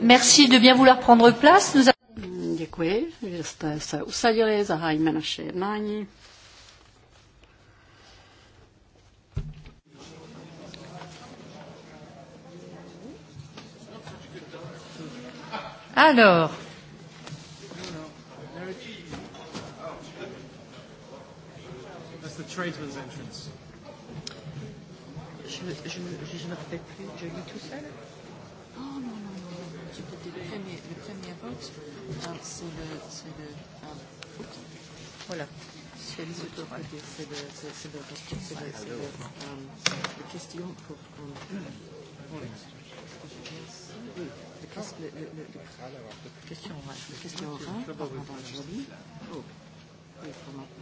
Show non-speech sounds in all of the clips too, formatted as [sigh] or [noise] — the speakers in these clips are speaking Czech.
Merci de bien vouloir prendre place. Nous... Děkuji, že jste se usadili, zahájíme naše jednání. Alors, tradesman's entrance. Je, je, je, je ne me rappelle plus, je lis tout seul voilà, c'est les autorités, c'est le, c'est, c'est le, c'est c'est le, c'est le, pour. Euh, question orale. question orale par Madame Jolie. Oui,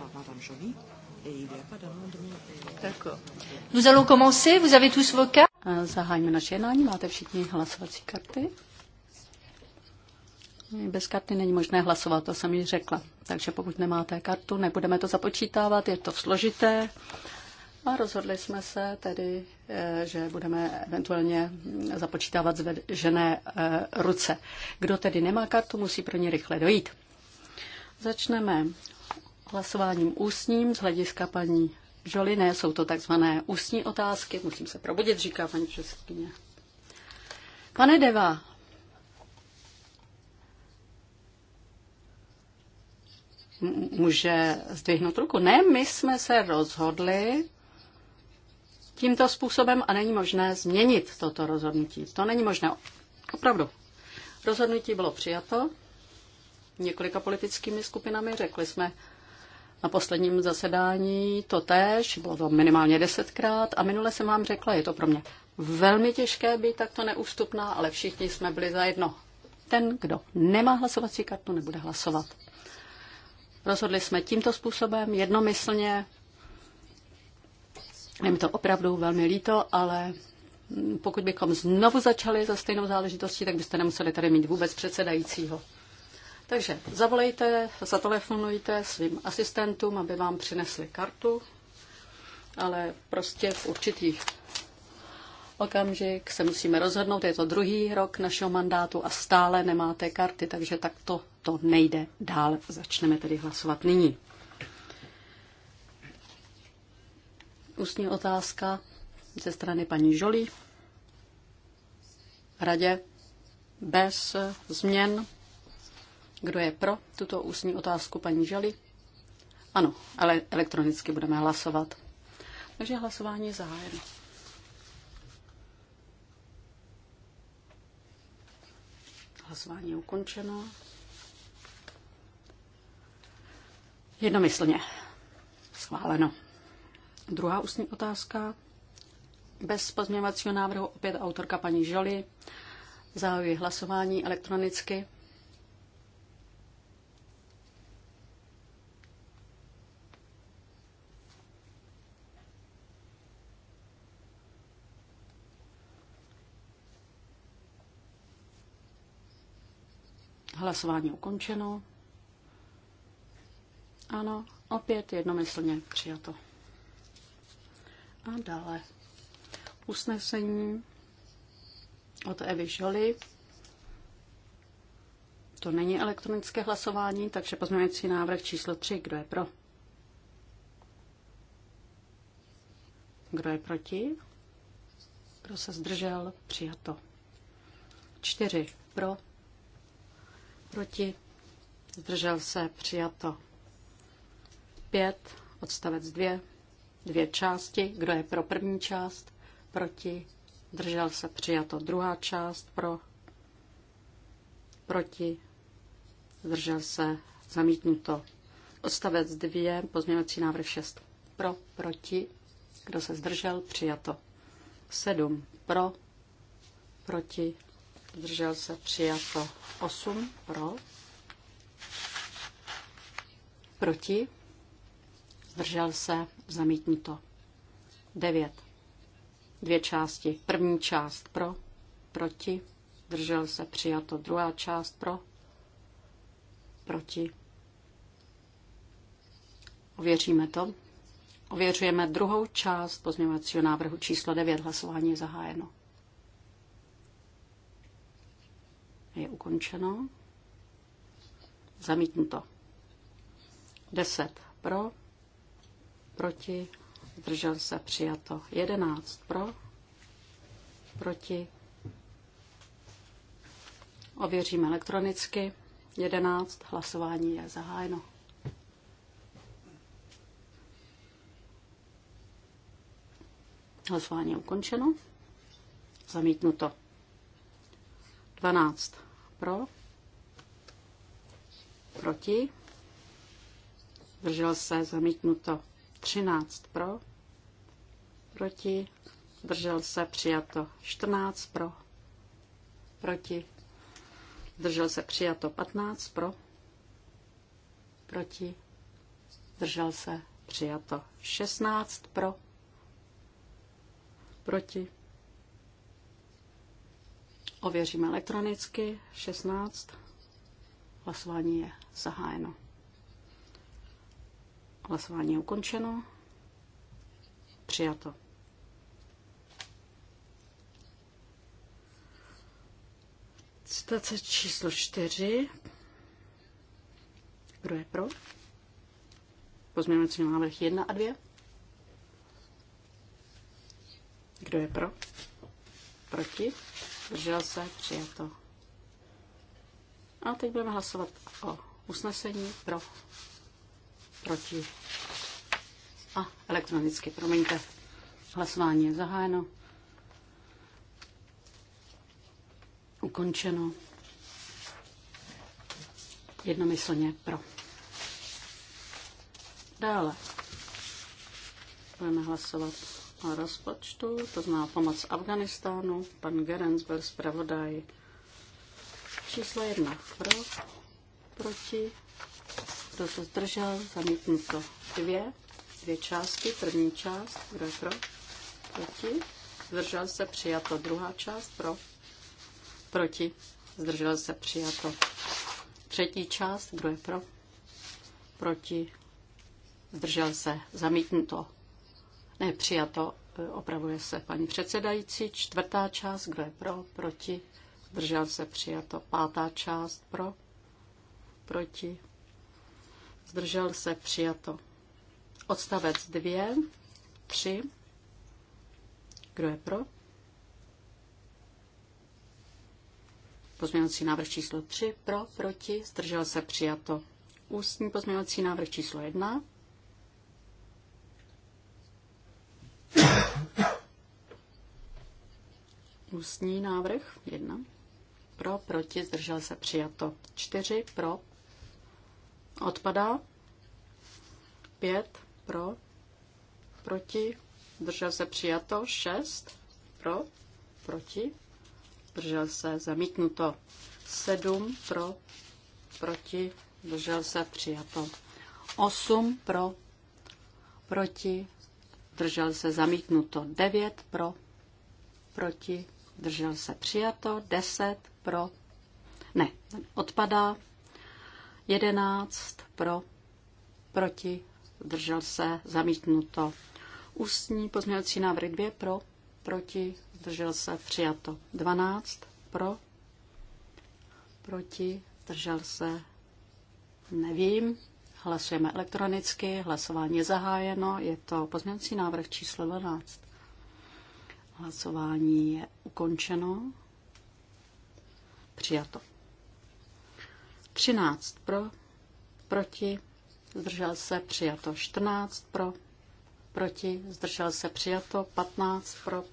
par Madame Jolie. Et il n'y a pas d'amendement. D'accord. Nous allons commencer. Vous avez tous vos cartes. Zahájíme naše jednání. Máte všichni hlasovací karty. Bez karty není možné hlasovat, to jsem ji řekla. Takže pokud nemáte kartu, nebudeme to započítávat, je to složité. A rozhodli jsme se tedy, eh, že budeme eventuálně započítávat zvedené eh, ruce. Kdo tedy nemá kartu, musí pro ně rychle dojít. Začneme hlasováním ústním z hlediska paní Žoliné. Jsou to takzvané ústní otázky. Musím se probudit, říká paní Českyně. Pane Deva, může zdvihnout ruku. Ne, my jsme se rozhodli tímto způsobem a není možné změnit toto rozhodnutí. To není možné. Opravdu. Rozhodnutí bylo přijato několika politickými skupinami. Řekli jsme na posledním zasedání to tež bylo to minimálně desetkrát a minule jsem vám řekla, je to pro mě velmi těžké být takto neústupná, ale všichni jsme byli zajedno. Ten, kdo nemá hlasovací kartu, nebude hlasovat. Rozhodli jsme tímto způsobem jednomyslně. Je mi to opravdu velmi líto, ale pokud bychom znovu začali za stejnou záležitostí, tak byste nemuseli tady mít vůbec předsedajícího. Takže zavolejte, zatelefonujte svým asistentům, aby vám přinesli kartu, ale prostě v určitých okamžik se musíme rozhodnout. Je to druhý rok našeho mandátu a stále nemáte karty, takže tak to to nejde dál. Začneme tedy hlasovat nyní. Ústní otázka ze strany paní Žolí. Radě bez změn. Kdo je pro tuto ústní otázku paní Žely? Ano, ale elektronicky budeme hlasovat. Takže hlasování je zahájeno. Hlasování je ukončeno. Jednomyslně. Schváleno. Druhá ústní otázka. Bez pozměňovacího návrhu opět autorka paní Žoli. Zahajuji hlasování elektronicky. Hlasování ukončeno. Ano, opět jednomyslně přijato. A dále usnesení od Evy Žoli. To není elektronické hlasování, takže pozměňující návrh číslo 3. Kdo je pro? Kdo je proti? Kdo se zdržel? Přijato. 4. Pro? Proti? Zdržel se? Přijato. 5, odstavec 2, dvě části. Kdo je pro první část? Proti? Držel se přijato druhá část pro? Proti? Zdržel se zamítnuto. Odstavec 2, pozměňovací návrh 6. Pro, proti, kdo se zdržel, přijato. 7. Pro, proti, zdržel se, přijato. 8. Pro, proti, zdržel se, zamítnuto. 9. Dvě části. První část pro, proti, zdržel se, přijato. Druhá část pro, proti. Ověříme to. Ověřujeme druhou část pozměňovacího návrhu číslo 9. Hlasování je zahájeno. Je ukončeno. Zamítnuto. 10 pro, proti, zdržel se přijato 11 pro, proti, ověříme elektronicky 11, hlasování je zahájeno. Hlasování je ukončeno. Zamítnuto. 12 pro, proti, zdržel se, zamítnuto. 13 pro, proti, držel se, přijato 14 pro, proti, držel se, přijato 15 pro, proti, držel se, přijato 16 pro, proti. Ověříme elektronicky 16. Hlasování je zahájeno. Hlasování je ukončeno. Přijato. Citace číslo čtyři. Kdo je pro? Pozměňovací návrh 1 a 2. Kdo je pro? Proti? Držel se? Přijato. A teď budeme hlasovat o usnesení pro proti a elektronicky, promiňte, hlasování je zahájeno, ukončeno, jednomyslně pro. Dále budeme hlasovat o rozpočtu, to zná pomoc Afganistánu, pan Gerenc byl zpravodaj číslo jedna pro, proti kdo se zdržel? Zamítnuto. Dvě. Dvě části. První část. Kdo je pro? Proti. Zdržel se? Přijato. Druhá část. Pro? Proti. Zdržel se? Přijato. Třetí část. Kdo je pro? Proti. Zdržel se? Zamítnuto. Ne, přijato. Opravuje se paní předsedající. Čtvrtá část. Kdo je pro? Proti. Zdržel se? Přijato. Pátá část. Pro? Proti zdržel se, přijato. Odstavec 2, 3, kdo je pro? Pozměňovací návrh číslo 3, pro, proti, zdržel se, přijato. Ústní pozměňovací návrh číslo 1, Ústní návrh 1. Pro, proti, zdržel se přijato 4. Pro, Odpadá. Pět pro, proti, držel se přijato. Šest pro, proti, držel se zamítnuto. Sedm pro, proti, držel se přijato. Osm pro, proti, držel se zamítnuto. Devět pro, proti, držel se přijato. Deset pro, ne, odpadá. 11 pro, proti, zdržel se, zamítnuto. Ústní pozměňovací návrh 2 pro, proti, zdržel se, přijato. 12 pro, proti, zdržel se, nevím. Hlasujeme elektronicky, hlasování je zahájeno, je to pozměňovací návrh číslo 12. Hlasování je ukončeno. Přijato. 13 pro, proti, zdržel se přijato 14 pro, proti, zdržel se přijato 15 pro,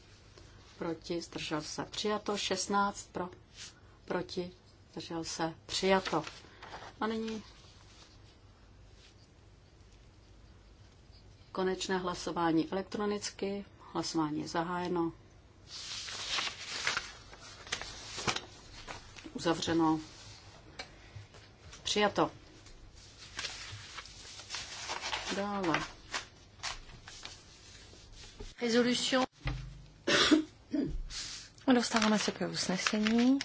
proti, zdržel se přijato 16 pro, proti, zdržel se přijato. A nyní konečné hlasování elektronicky. Hlasování je zahájeno. Uzavřeno. Přijato. Dále. Resolution. [coughs] Dostáváme se k usnesení.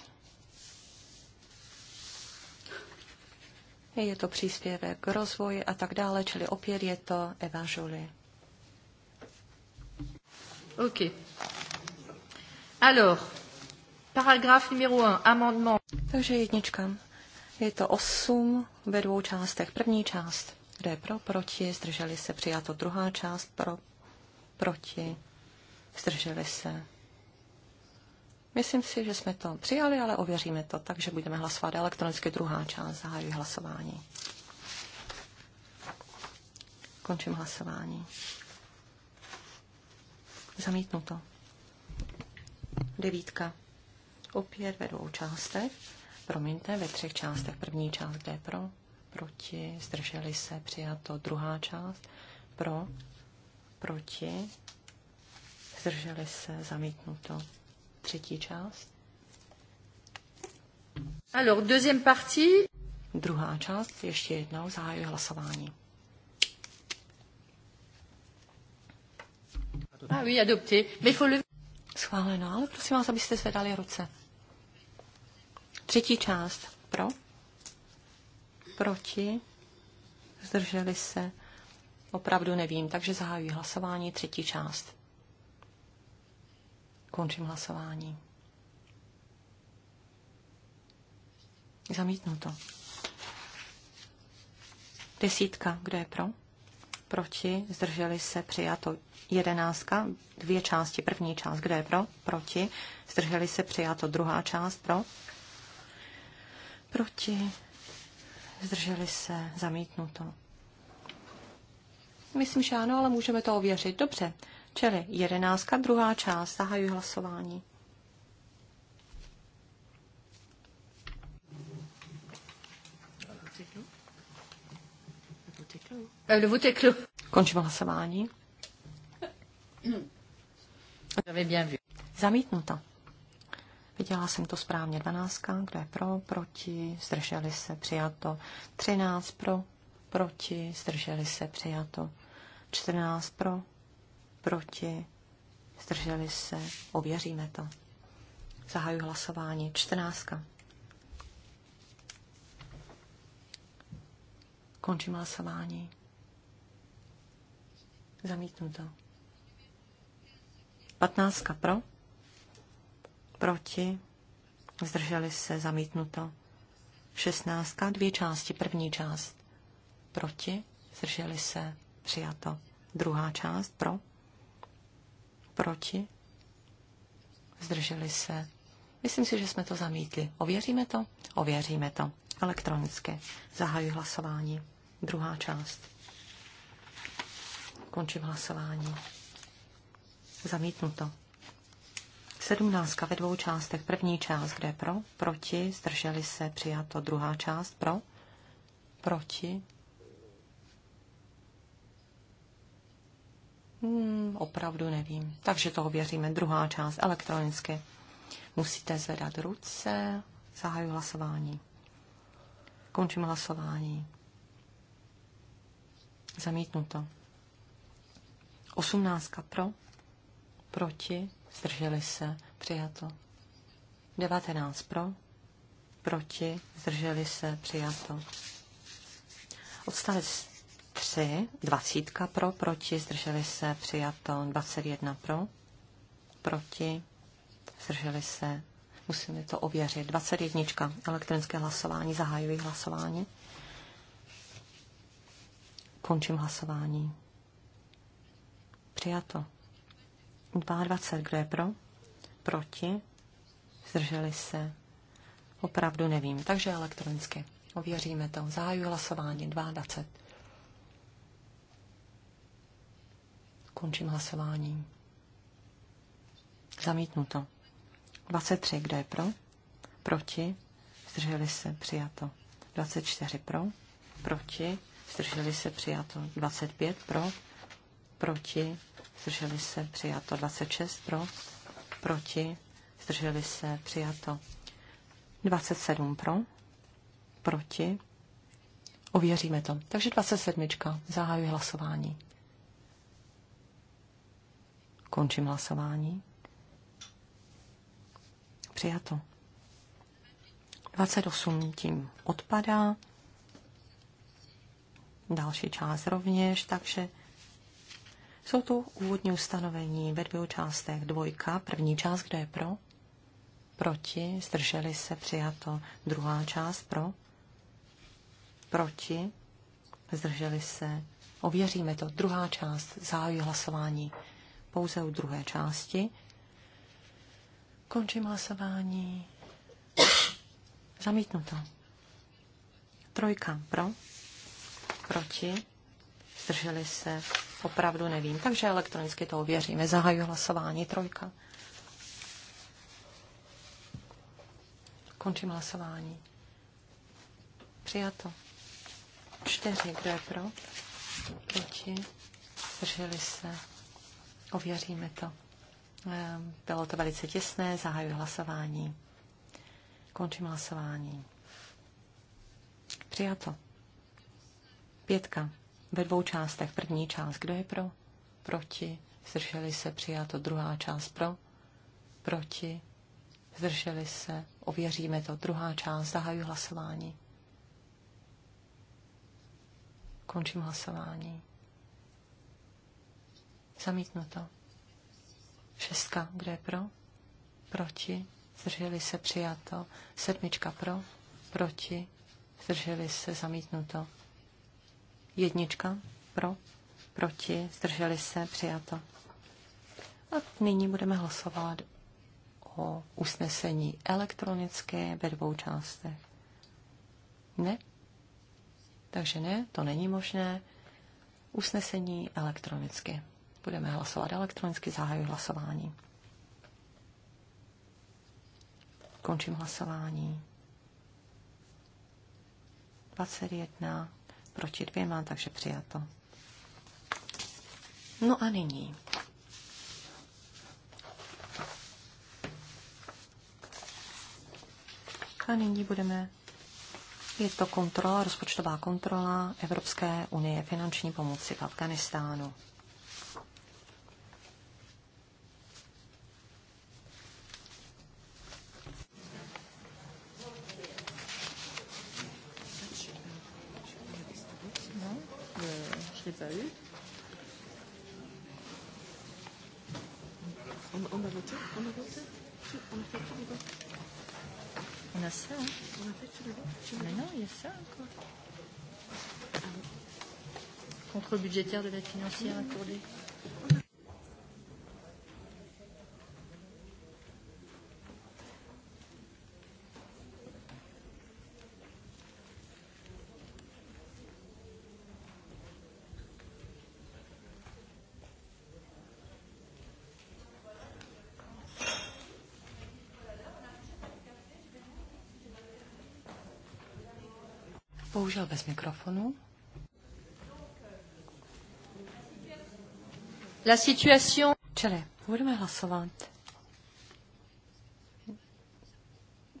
Je to příspěvek k rozvoji a tak dále, čili opět je to Eva Jolie. OK. Alors, paragraf numéro 1, amendement. Takže jednička. Je to 8 ve dvou částech. První část, kde je pro, proti, zdrželi se, přijato. Druhá část, pro, proti, zdrželi se. Myslím si, že jsme to přijali, ale ověříme to, takže budeme hlasovat elektronicky druhá část, zahájí hlasování. Končím hlasování. Zamítnuto. Devítka. Opět ve dvou částech promiňte, ve třech částech. První část, kde je pro, proti, zdrželi se, přijato. Druhá část, pro, proti, zdrželi se, zamítnuto. Třetí část. Alors, deuxième partie. Druhá část, ještě jednou, zahájí hlasování. Ah oui, adopté. Mais faut le... Schváleno, ale prosím vás, abyste zvedali ruce. Třetí část pro, proti, zdrželi se, opravdu nevím, takže zahájí hlasování, třetí část. Končím hlasování. to. Desítka, kdo je pro? Proti, zdrželi se, přijato. Jedenáctka, dvě části, první část, kdo je pro? Proti, zdrželi se, přijato. Druhá část, pro? proti, zdrželi se, zamítnuto. Myslím, že ano, ale můžeme to ověřit. Dobře. Čili jedenáctka, druhá část. Zahajuji hlasování. Končím hlasování. Zamítnuto. Viděla jsem to správně. 12, kdo je pro, proti, zdrželi se, přijato. 13 pro, proti, zdrželi se, přijato. 14 pro, proti, zdrželi se, ověříme to. Zahajuji hlasování. 14. Končím hlasování. to. 15 pro, proti, zdrželi se, zamítnuto. 16. Dvě části. První část proti, zdrželi se, přijato. Druhá část pro, proti, zdrželi se. Myslím si, že jsme to zamítli. Ověříme to? Ověříme to. Elektronicky. Zahajuji hlasování. Druhá část. Končím hlasování. Zamítnuto. Sedmnáctka ve dvou částech. První část, kde pro, proti, zdrželi se, přijato. Druhá část, pro, proti. Hmm, opravdu nevím. Takže toho věříme. Druhá část elektronicky. Musíte zvedat ruce. Zahaju hlasování. Končím hlasování. Zamítnuto. Osmnáctka pro, proti, zdrželi se, přijato. 19 pro, proti, zdrželi se, přijato. Odstavec 3, 20 pro, proti, zdrželi se, přijato. 21 pro, proti, zdrželi se. Musíme to ověřit. 21. Elektronické hlasování. Zahajuji hlasování. Končím hlasování. Přijato. 22, kdo je pro? Proti? Zdrželi se? Opravdu nevím, takže elektronicky. Ověříme to. Zahajuji hlasování 22. Končím hlasování. Zamítnuto. 23, kdo je pro? Proti? Zdrželi se? Přijato. 24 pro? Proti? Zdrželi se? Přijato. 25 pro? Proti? zdrželi se, přijato. 26 pro, proti, zdrželi se, přijato. 27 pro, proti, ověříme to. Takže 27. Zahajuji hlasování. Končím hlasování. Přijato. 28 tím odpadá. Další část rovněž, takže jsou tu úvodní ustanovení ve dvou částech. Dvojka, první část, kde je pro, proti, zdrželi se, přijato. Druhá část pro, proti, zdrželi se. Ověříme to. Druhá část, zahájí hlasování pouze u druhé části. Končím hlasování. Zamítnuto. Trojka pro, proti, zdrželi se, opravdu nevím. Takže elektronicky to ověříme. Zahajuji hlasování trojka. Končím hlasování. Přijato. Čtyři, kdo je pro? Proti? Zdrželi se. Ověříme to. Ehm, bylo to velice těsné, zahajuji hlasování. Končím hlasování. Přijato. Pětka ve dvou částech. První část, kdo je pro? Proti. Zdrželi se přijato. Druhá část pro? Proti. Zdrželi se. Ověříme to. Druhá část. Zahajuji hlasování. Končím hlasování. to. Šestka. Kdo je pro? Proti. Zdrželi se přijato. Sedmička pro. Proti. Zdrželi se to. Jednička pro, proti, zdrželi se, přijato. A nyní budeme hlasovat o usnesení elektronické ve dvou částech. Ne? Takže ne, to není možné. Usnesení elektronicky. Budeme hlasovat elektronicky, zahajuji hlasování. Končím hlasování. 21 proti dvěma, takže přijato. No a nyní. A nyní budeme je to kontrola, rozpočtová kontrola Evropské unie finanční pomoci v Afganistánu. budgétaire de la financière accordée. Bohužel bez mikrofonu. La situation... Čili, budeme hlasovat.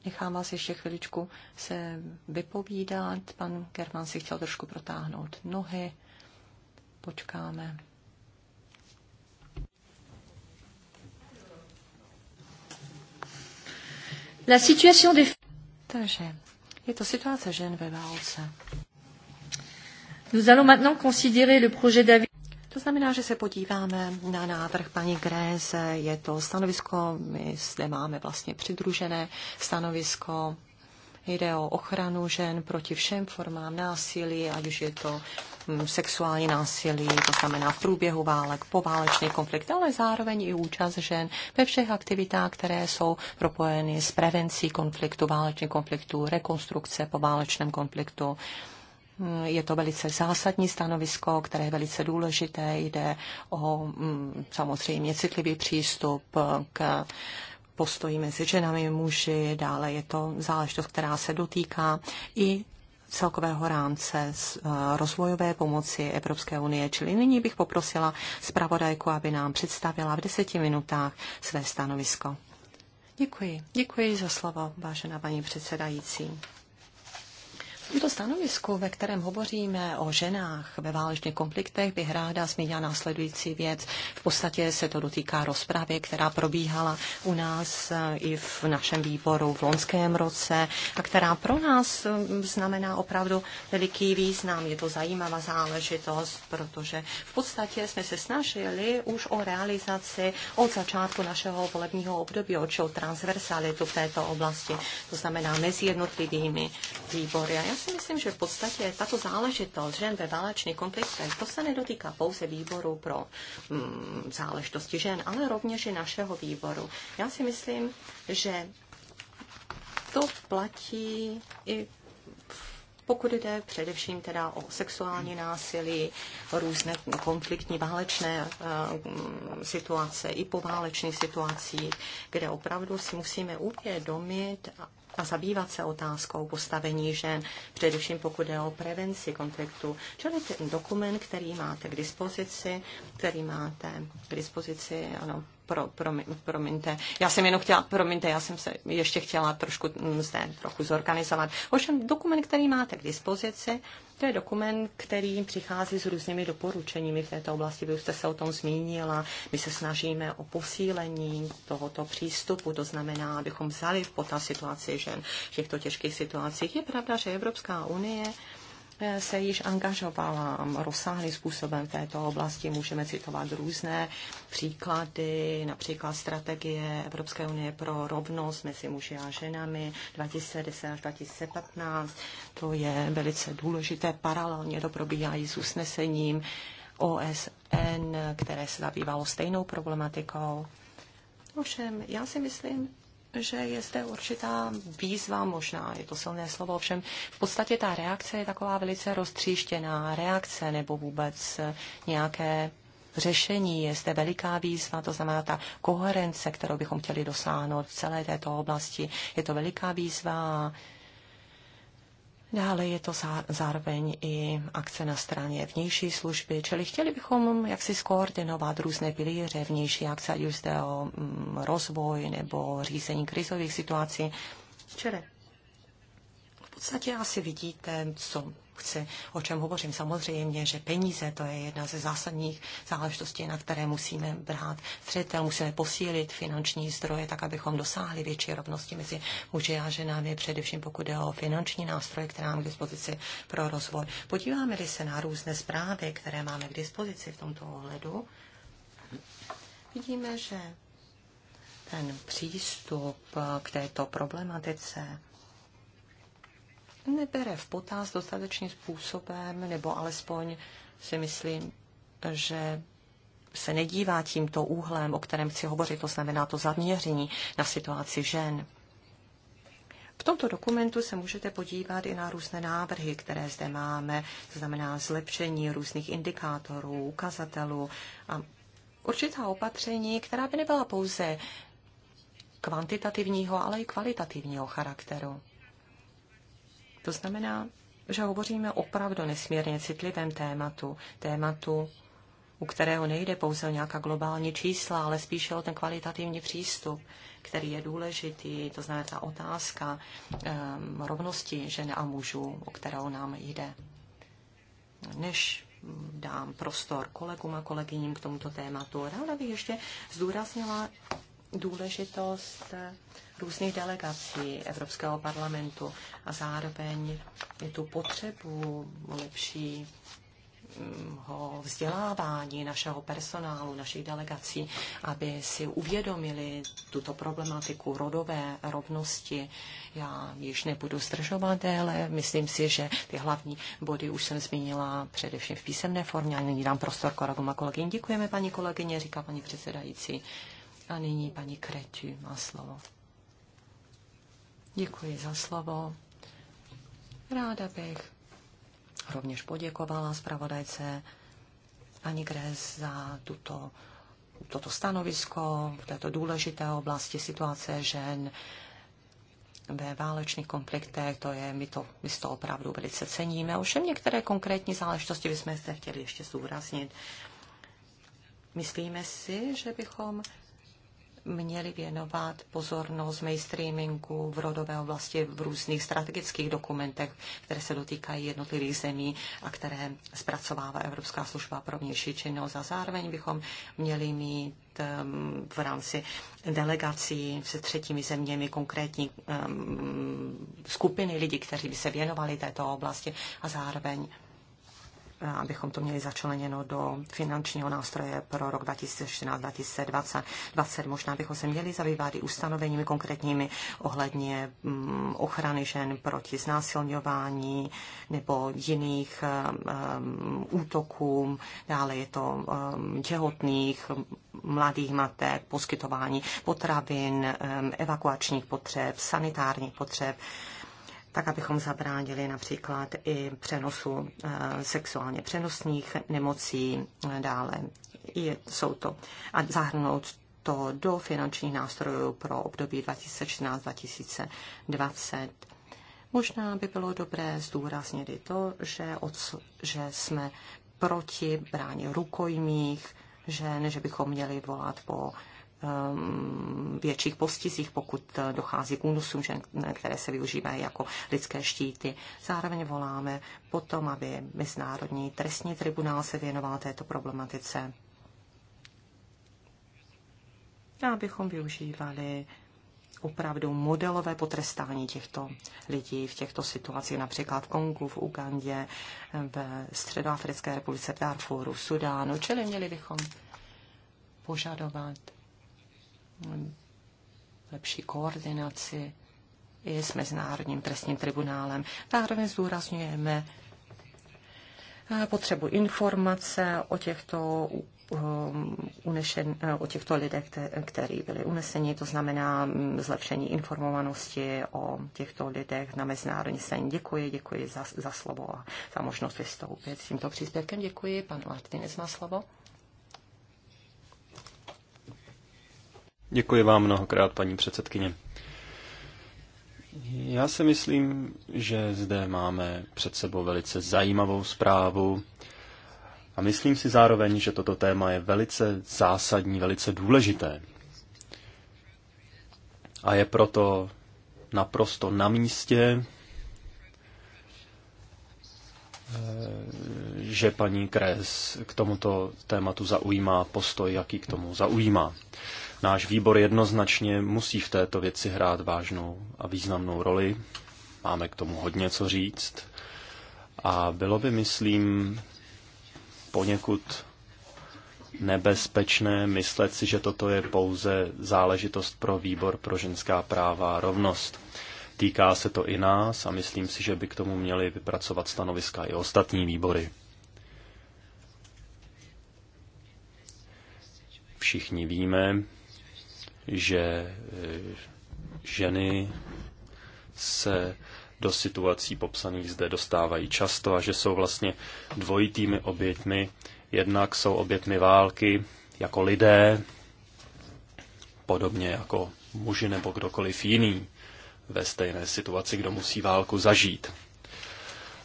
Nechám vás ještě chviličku se vypovídat. Pan German si chtěl trošku protáhnout nohy. Počkáme. La situation des... Takže je to situace žen ve válce. Nous allons maintenant considérer le projet d'avis znamená, že se podíváme na návrh paní Gréze, je to stanovisko, my zde máme vlastně přidružené stanovisko, jde o ochranu žen proti všem formám násilí, ať už je to hm, sexuální násilí, to znamená v průběhu válek, poválečný konflikt, ale zároveň i účast žen ve všech aktivitách, které jsou propojeny s prevencí konfliktu, válečných konfliktů, rekonstrukce po válečném konfliktu je to velice zásadní stanovisko, které je velice důležité. Jde o mm, samozřejmě citlivý přístup k postoji mezi ženami a muži. Dále je to záležitost, která se dotýká i celkového rámce z eh, rozvojové pomoci Evropské unie. Čili nyní bych poprosila zpravodajku, aby nám představila v deseti minutách své stanovisko. Děkuji. Děkuji za slovo, vážená paní předsedající tomto stanovisku, ve kterém hovoříme o ženách ve válečných konfliktech, bych ráda zmínila následující věc. V podstatě se to dotýká rozpravy, která probíhala u nás eh, i v našem výboru v loňském roce a která pro nás eh, znamená opravdu veliký význam. Je to zajímavá záležitost, protože v podstatě jsme se snažili už o realizaci od začátku našeho volebního období, o transversalitu v této oblasti, to znamená mezi jednotlivými výbory. A já si myslím, že v podstatě tato záležitost žen ve válečných konfliktech, to se nedotýká pouze výboru pro mm, záležitosti žen, ale rovněž i našeho výboru. Já si myslím, že to platí i pokud jde především teda o sexuální násilí, různé konfliktní válečné uh, situace i po válečných situacích, kde opravdu si musíme uvědomit a zabývat se otázkou postavení žen, především pokud je o prevenci konfliktu. Čili ten dokument, který máte k dispozici, který máte k dispozici, ano, pro, pro, promiňte, já jsem jenom chtěla, promiňte, já jsem se ještě chtěla trošku mm, zde trochu zorganizovat. Ovšem dokument, který máte k dispozici, to je dokument, který přichází s různými doporučeními v této oblasti. Vy už jste se o tom zmínila. My se snažíme o posílení tohoto přístupu, to znamená, abychom vzali v potaz situaci žen v těchto těžkých situacích. Je pravda, že Evropská unie Eh, se již angažovala rozsáhlým způsobem v této oblasti. Můžeme citovat různé příklady, například strategie Evropské unie pro rovnost mezi muži a ženami 2010 až 2015. To je velice důležité. Paralelně to probíhají s usnesením OSN, které se zabývalo stejnou problematikou. Ovšem, já si myslím, že je zde určitá výzva možná, je to silné slovo, ovšem v podstatě ta reakce je taková velice roztříštěná reakce nebo vůbec eh, nějaké řešení je zde veliká výzva, to znamená ta koherence, kterou bychom chtěli dosáhnout v celé této oblasti. Je to veliká výzva a Dále je to zároveň i akce na straně vnější služby, čili chtěli bychom jaksi skoordinovat různé pilíře vnější akce, ať už jde o mm, rozvoj nebo řízení krizových situací. Čili v podstatě asi vidíte, co chci, o čem hovořím. Samozřejmě, že peníze to je jedna ze zásadních záležitostí, na které musíme brát zřetel, musíme posílit finanční zdroje, tak abychom dosáhli větší rovnosti mezi muži a ženami, především pokud jde o finanční nástroje, které máme k dispozici pro rozvoj. Podíváme-li se na různé zprávy, které máme k dispozici v tomto ohledu, vidíme, že ten přístup k této problematice nebere v potaz dostatečným způsobem, nebo alespoň si myslím, že se nedívá tímto úhlem, o kterém chci hovořit, to znamená to zaměření na situaci žen. V tomto dokumentu se můžete podívat i na různé návrhy, které zde máme, to znamená zlepšení různých indikátorů, ukazatelů a určitá opatření, která by nebyla pouze kvantitativního, ale i kvalitativního charakteru. To znamená, že hovoříme opravdu nesmírně citlivém tématu, tématu, u kterého nejde pouze o nějaká globální čísla, ale spíše o ten kvalitativní přístup, který je důležitý, to znamená ta otázka um, rovnosti žen a mužů, o kterou nám jde. Než dám prostor kolegům a kolegyním k tomuto tématu, ráda bych ještě zdůraznila důležitost různých delegací Evropského parlamentu a zároveň je tu potřebu lepší vzdělávání našeho personálu, našich delegací, aby si uvědomili tuto problematiku rodové rovnosti. Já již nebudu zdržovat déle, myslím si, že ty hlavní body už jsem zmínila především v písemné formě a nyní dám prostor kolegům a kolegyně. Děkujeme, paní kolegyně, říká paní předsedající. A nyní paní Kretu má slovo. Děkuji za slovo. Ráda bych rovněž poděkovala zpravodajce paní Grez za tuto, toto stanovisko v této důležité oblasti situace žen ve válečných konfliktech, to je, my to, my to opravdu velice ceníme. Ovšem některé konkrétní záležitosti bychom se chtěli ještě zúraznit. Myslíme si, že bychom měli věnovat pozornost mainstreamingu v rodové oblasti v různých strategických dokumentech, které se dotýkají jednotlivých zemí a které zpracovává Evropská služba pro vnější činnost. A zároveň bychom měli mít v rámci delegací se třetími zeměmi konkrétní skupiny lidí, kteří by se věnovali této oblasti a zároveň abychom to měli začleněno do finančního nástroje pro rok 2014-2020. Možná bychom se měli zabývat i ustanoveními konkrétními ohledně mm, ochrany žen proti znásilňování nebo jiných útoků. Mm, útokům. Dále je to mm, těhotných, mladých matek, poskytování potravin, evakuačních potřeb, sanitárních potřeb tak abychom zabránili například i přenosu eh, sexuálně přenosných nemocí eh, dále. Je, jsou to a zahrnout to do finančních nástrojů pro období 2016-2020. Možná by bylo dobré zdůraznit i to, že, od, že jsme proti bráně rukojmích žen, že bychom měli volat po Um, větších postizích, pokud eh, dochází k únosům žen, které se využívají jako lidské štíty. Zároveň voláme potom, aby Mezinárodní trestní tribunál se věnoval této problematice. A abychom využívali opravdu modelové potrestání těchto lidí v těchto situacích, například v Kongu, v Ugandě, v Středoafrické republice, v Darfuru, v Sudánu, čili měli bychom požadovat lepší koordinaci i s Mezinárodním trestním tribunálem. Zároveň zdůrazňujeme eh, potřebu informace o těchto eh, unešen, eh, o těchto lidech, kteří byli uneseni, to znamená mm, zlepšení informovanosti o těchto lidech na mezinárodní scéně. Děkuji, děkuji za, za slovo a za možnost vystoupit s tímto příspěvkem. Děkuji, pan Martinez má slovo. Děkuji vám mnohokrát, paní předsedkyně. Já si myslím, že zde máme před sebou velice zajímavou zprávu a myslím si zároveň, že toto téma je velice zásadní, velice důležité. A je proto naprosto na místě, eh, že paní Kres k tomuto tématu zaujímá postoj, jaký k tomu zaujímá. Náš výbor jednoznačně musí v této věci hrát vážnou a významnou roli. Máme k tomu hodně co říct. A bylo by, myslím, poněkud nebezpečné myslet si, že toto je pouze záležitost pro výbor pro ženská práva a rovnost. Týká se to i nás a myslím si, že by k tomu měli vypracovat stanoviska i ostatní výbory. Všichni víme, že eh, ženy se do situací popsaných zde dostávají často a že jsou vlastně dvojitými oběťmi. Jednak jsou obětmi války jako lidé, podobně jako muži nebo kdokoliv jiný ve stejné situaci, kdo musí válku zažít.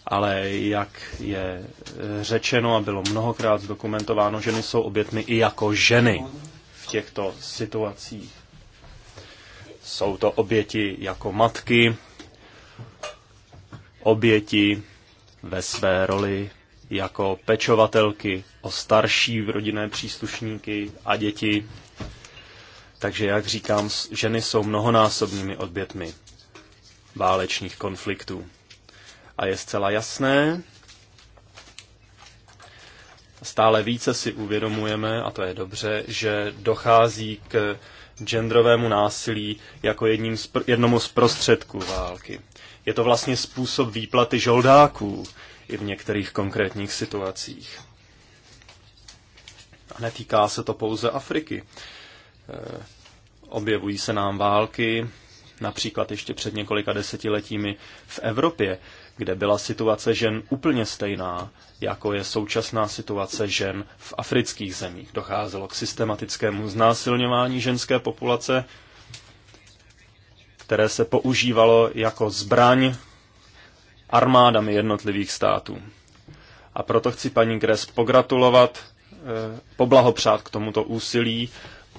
Ale jak je eh, řečeno a bylo mnohokrát zdokumentováno, ženy jsou obětmi i jako ženy těchto situacích. Jsou to oběti jako matky, oběti ve své roli jako pečovatelky o starší rodinné příslušníky a děti. Takže, jak říkám, ženy jsou mnohonásobnými odbětmi válečných konfliktů. A je zcela jasné, Stále více si uvědomujeme, a to je dobře, že dochází k genderovému násilí jako jedním z pr- jednomu z prostředků války. Je to vlastně způsob výplaty žoldáků i v některých konkrétních situacích. A netýká se to pouze Afriky. E, objevují se nám války, například ještě před několika desetiletími v Evropě, kde byla situace žen úplně stejná, jako je současná situace žen v afrických zemích. Docházelo k systematickému znásilňování ženské populace, které se používalo jako zbraň armádami jednotlivých států. A proto chci paní Gres pogratulovat, eh, poblahopřát k tomuto úsilí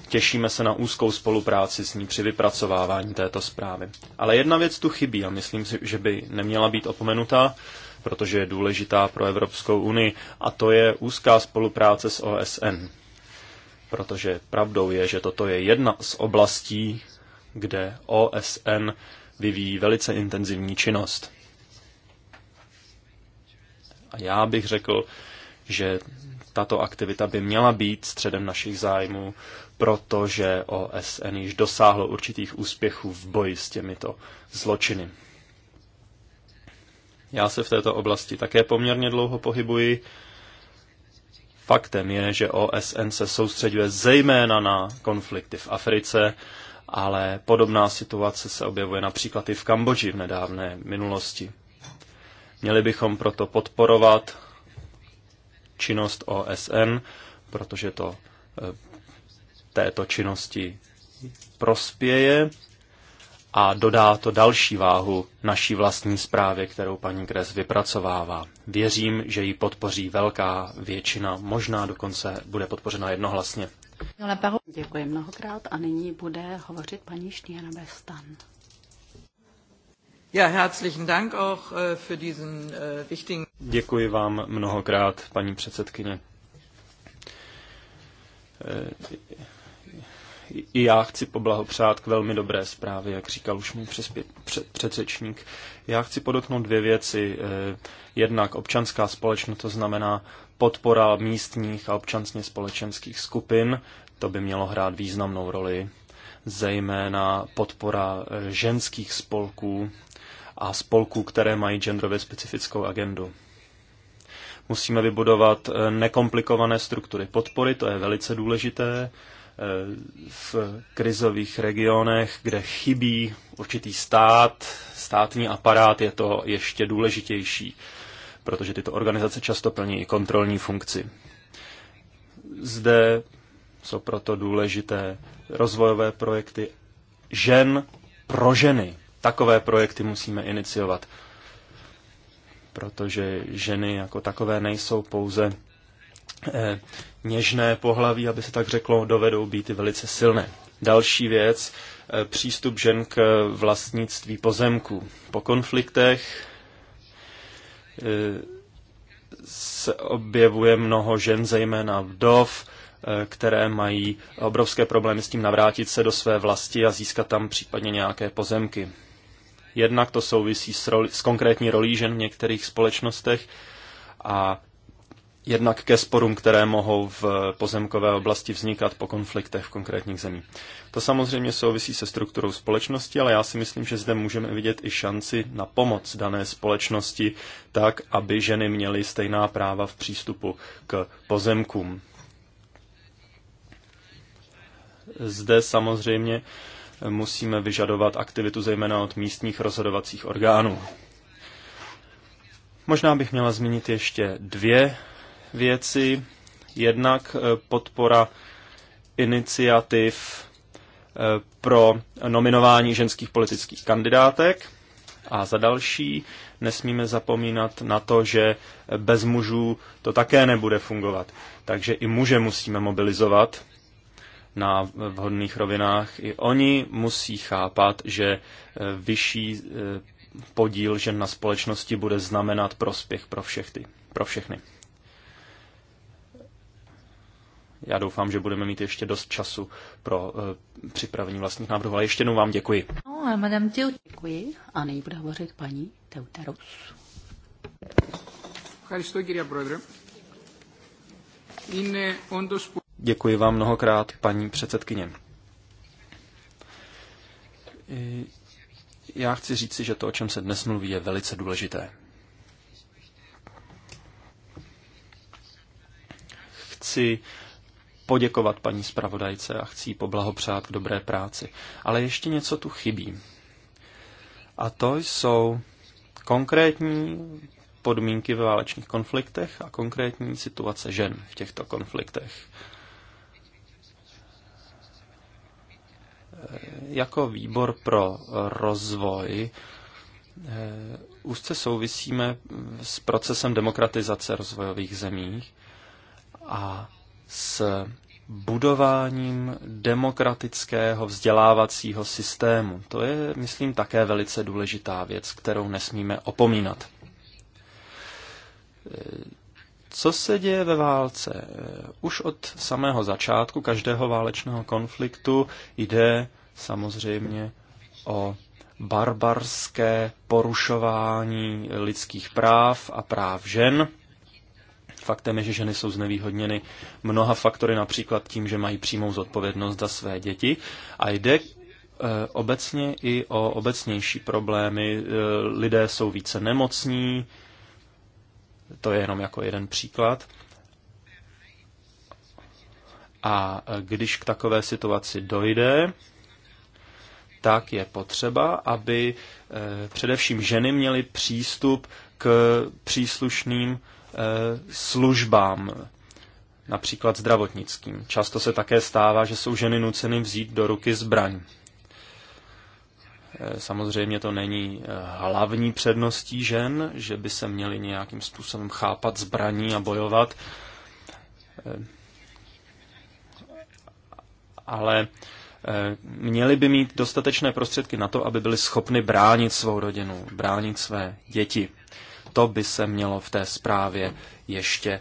těšíme se na úzkou spolupráci s ní při vypracovávání této zprávy. Ale jedna věc tu chybí a myslím si, že by neměla být opomenuta, protože je důležitá pro Evropskou unii, a to je úzká spolupráce s OSN. Protože pravdou je, že toto je jedna z oblastí, kde OSN vyvíjí velice intenzivní činnost. A já bych řekl, že tato aktivita by měla být středem našich zájmů, protože OSN již dosáhlo určitých úspěchů v boji s těmito zločiny. Já se v této oblasti také poměrně dlouho pohybuji. Faktem je, že OSN se soustředuje zejména na konflikty v Africe, ale podobná situace se objevuje například i v Kambodži v nedávné minulosti. Měli bychom proto podporovat činnost OSN, protože to eh, této činnosti prospěje a dodá to další váhu naší vlastní zprávě, kterou paní Kres vypracovává. Věřím, že ji podpoří velká většina, možná dokonce bude podpořena jednohlasně. Děkuji mnohokrát a nyní bude hovořit paní Štěna Bestan. Ja, herzlichen Dank auch äh, für diesen äh, wichtigen... Děkuji vám mnohokrát, paní předsedkyně. Äh, i já chci poblahopřát k velmi dobré zprávě, jak říkal už můj předřečník. Já chci podotknout dvě věci. Eh, jednak občanská společnost, to znamená podpora místních a občansně společenských skupin, to by mělo hrát významnou roli, zejména podpora eh, ženských spolků a spolků, které mají genderově specifickou agendu musíme vybudovat eh, nekomplikované struktury podpory, to je velice důležité v krizových regionech, kde chybí určitý stát, státní aparát, je to ještě důležitější, protože tyto organizace často plní i kontrolní funkci. Zde jsou proto důležité rozvojové projekty žen pro ženy. Takové projekty musíme iniciovat, protože ženy jako takové nejsou pouze Eh, něžné pohlaví, aby se tak řeklo, dovedou být velice silné. Další věc, eh, přístup žen k vlastnictví pozemků. Po konfliktech eh, se objevuje mnoho žen, zejména vdov, které mají obrovské problémy s tím navrátit se do své vlasti a získat tam případně nějaké pozemky. Jednak to souvisí s, roli, s konkrétní rolí žen v některých společnostech a jednak ke sporům, které mohou v pozemkové oblasti vznikat po konfliktech v konkrétních zemí. To samozřejmě souvisí se strukturou společnosti, ale já si myslím, že zde můžeme vidět i šanci na pomoc dané společnosti tak, aby ženy měly stejná práva v přístupu k pozemkům. Zde samozřejmě musíme vyžadovat aktivitu zejména od místních rozhodovacích orgánů. Možná bych měla zmínit ještě dvě věci. Jednak eh, podpora iniciativ eh, pro nominování ženských politických kandidátek. A za další, nesmíme zapomínat na to, že bez mužů to také nebude fungovat. Takže i muže musíme mobilizovat na vhodných rovinách. I oni musí chápat, že eh, vyšší podíl žen na společnosti bude znamenat prospěch pro, všech pro všechny. já doufám, že budeme mít ještě dost času pro eh, připravení vlastních návrhů, ale ještě jednou vám děkuji. No, madame Tiu. Děkuji a nyní bude hovořit paní Teuterus. Děkuji vám mnohokrát, paní předsedkyně. Já chci říci, že to, o čem se dnes mluví, je velice důležité. Chci poděkovat paní zpravodajce a chci jí poblahopřát k dobré práci. Ale ještě něco tu chybí. A to jsou konkrétní podmínky ve válečných konfliktech a konkrétní situace žen v těchto konfliktech. Jako výbor pro rozvoj úzce eh, souvisíme s procesem demokratizace rozvojových zemí a s budováním demokratického vzdělávacího systému. To je, myslím, také velice důležitá věc, kterou nesmíme opomínat. Co se děje ve válce? Už od samého začátku každého válečného konfliktu jde samozřejmě o barbarské porušování lidských práv a práv žen Faktem je, že ženy jsou znevýhodněny mnoha faktory, například tím, že mají přímou zodpovědnost za své děti a jde eh, obecně i o obecnější problémy. Eh, lidé jsou více nemocní, to je jenom jako jeden příklad. A eh, když k takové situaci dojde, tak je potřeba, aby především ženy měly přístup k příslušným Eh, službám, například zdravotnickým. Často se také stává, že jsou ženy nuceny vzít do ruky zbraň. Eh, samozřejmě to není eh, hlavní předností žen, že by se měly nějakým způsobem chápat zbraní a bojovat. Ale měly by mít dostatečné prostředky na to, aby byly schopny bránit svou rodinu, bránit své děti to by se mělo v té zprávě ještě eh,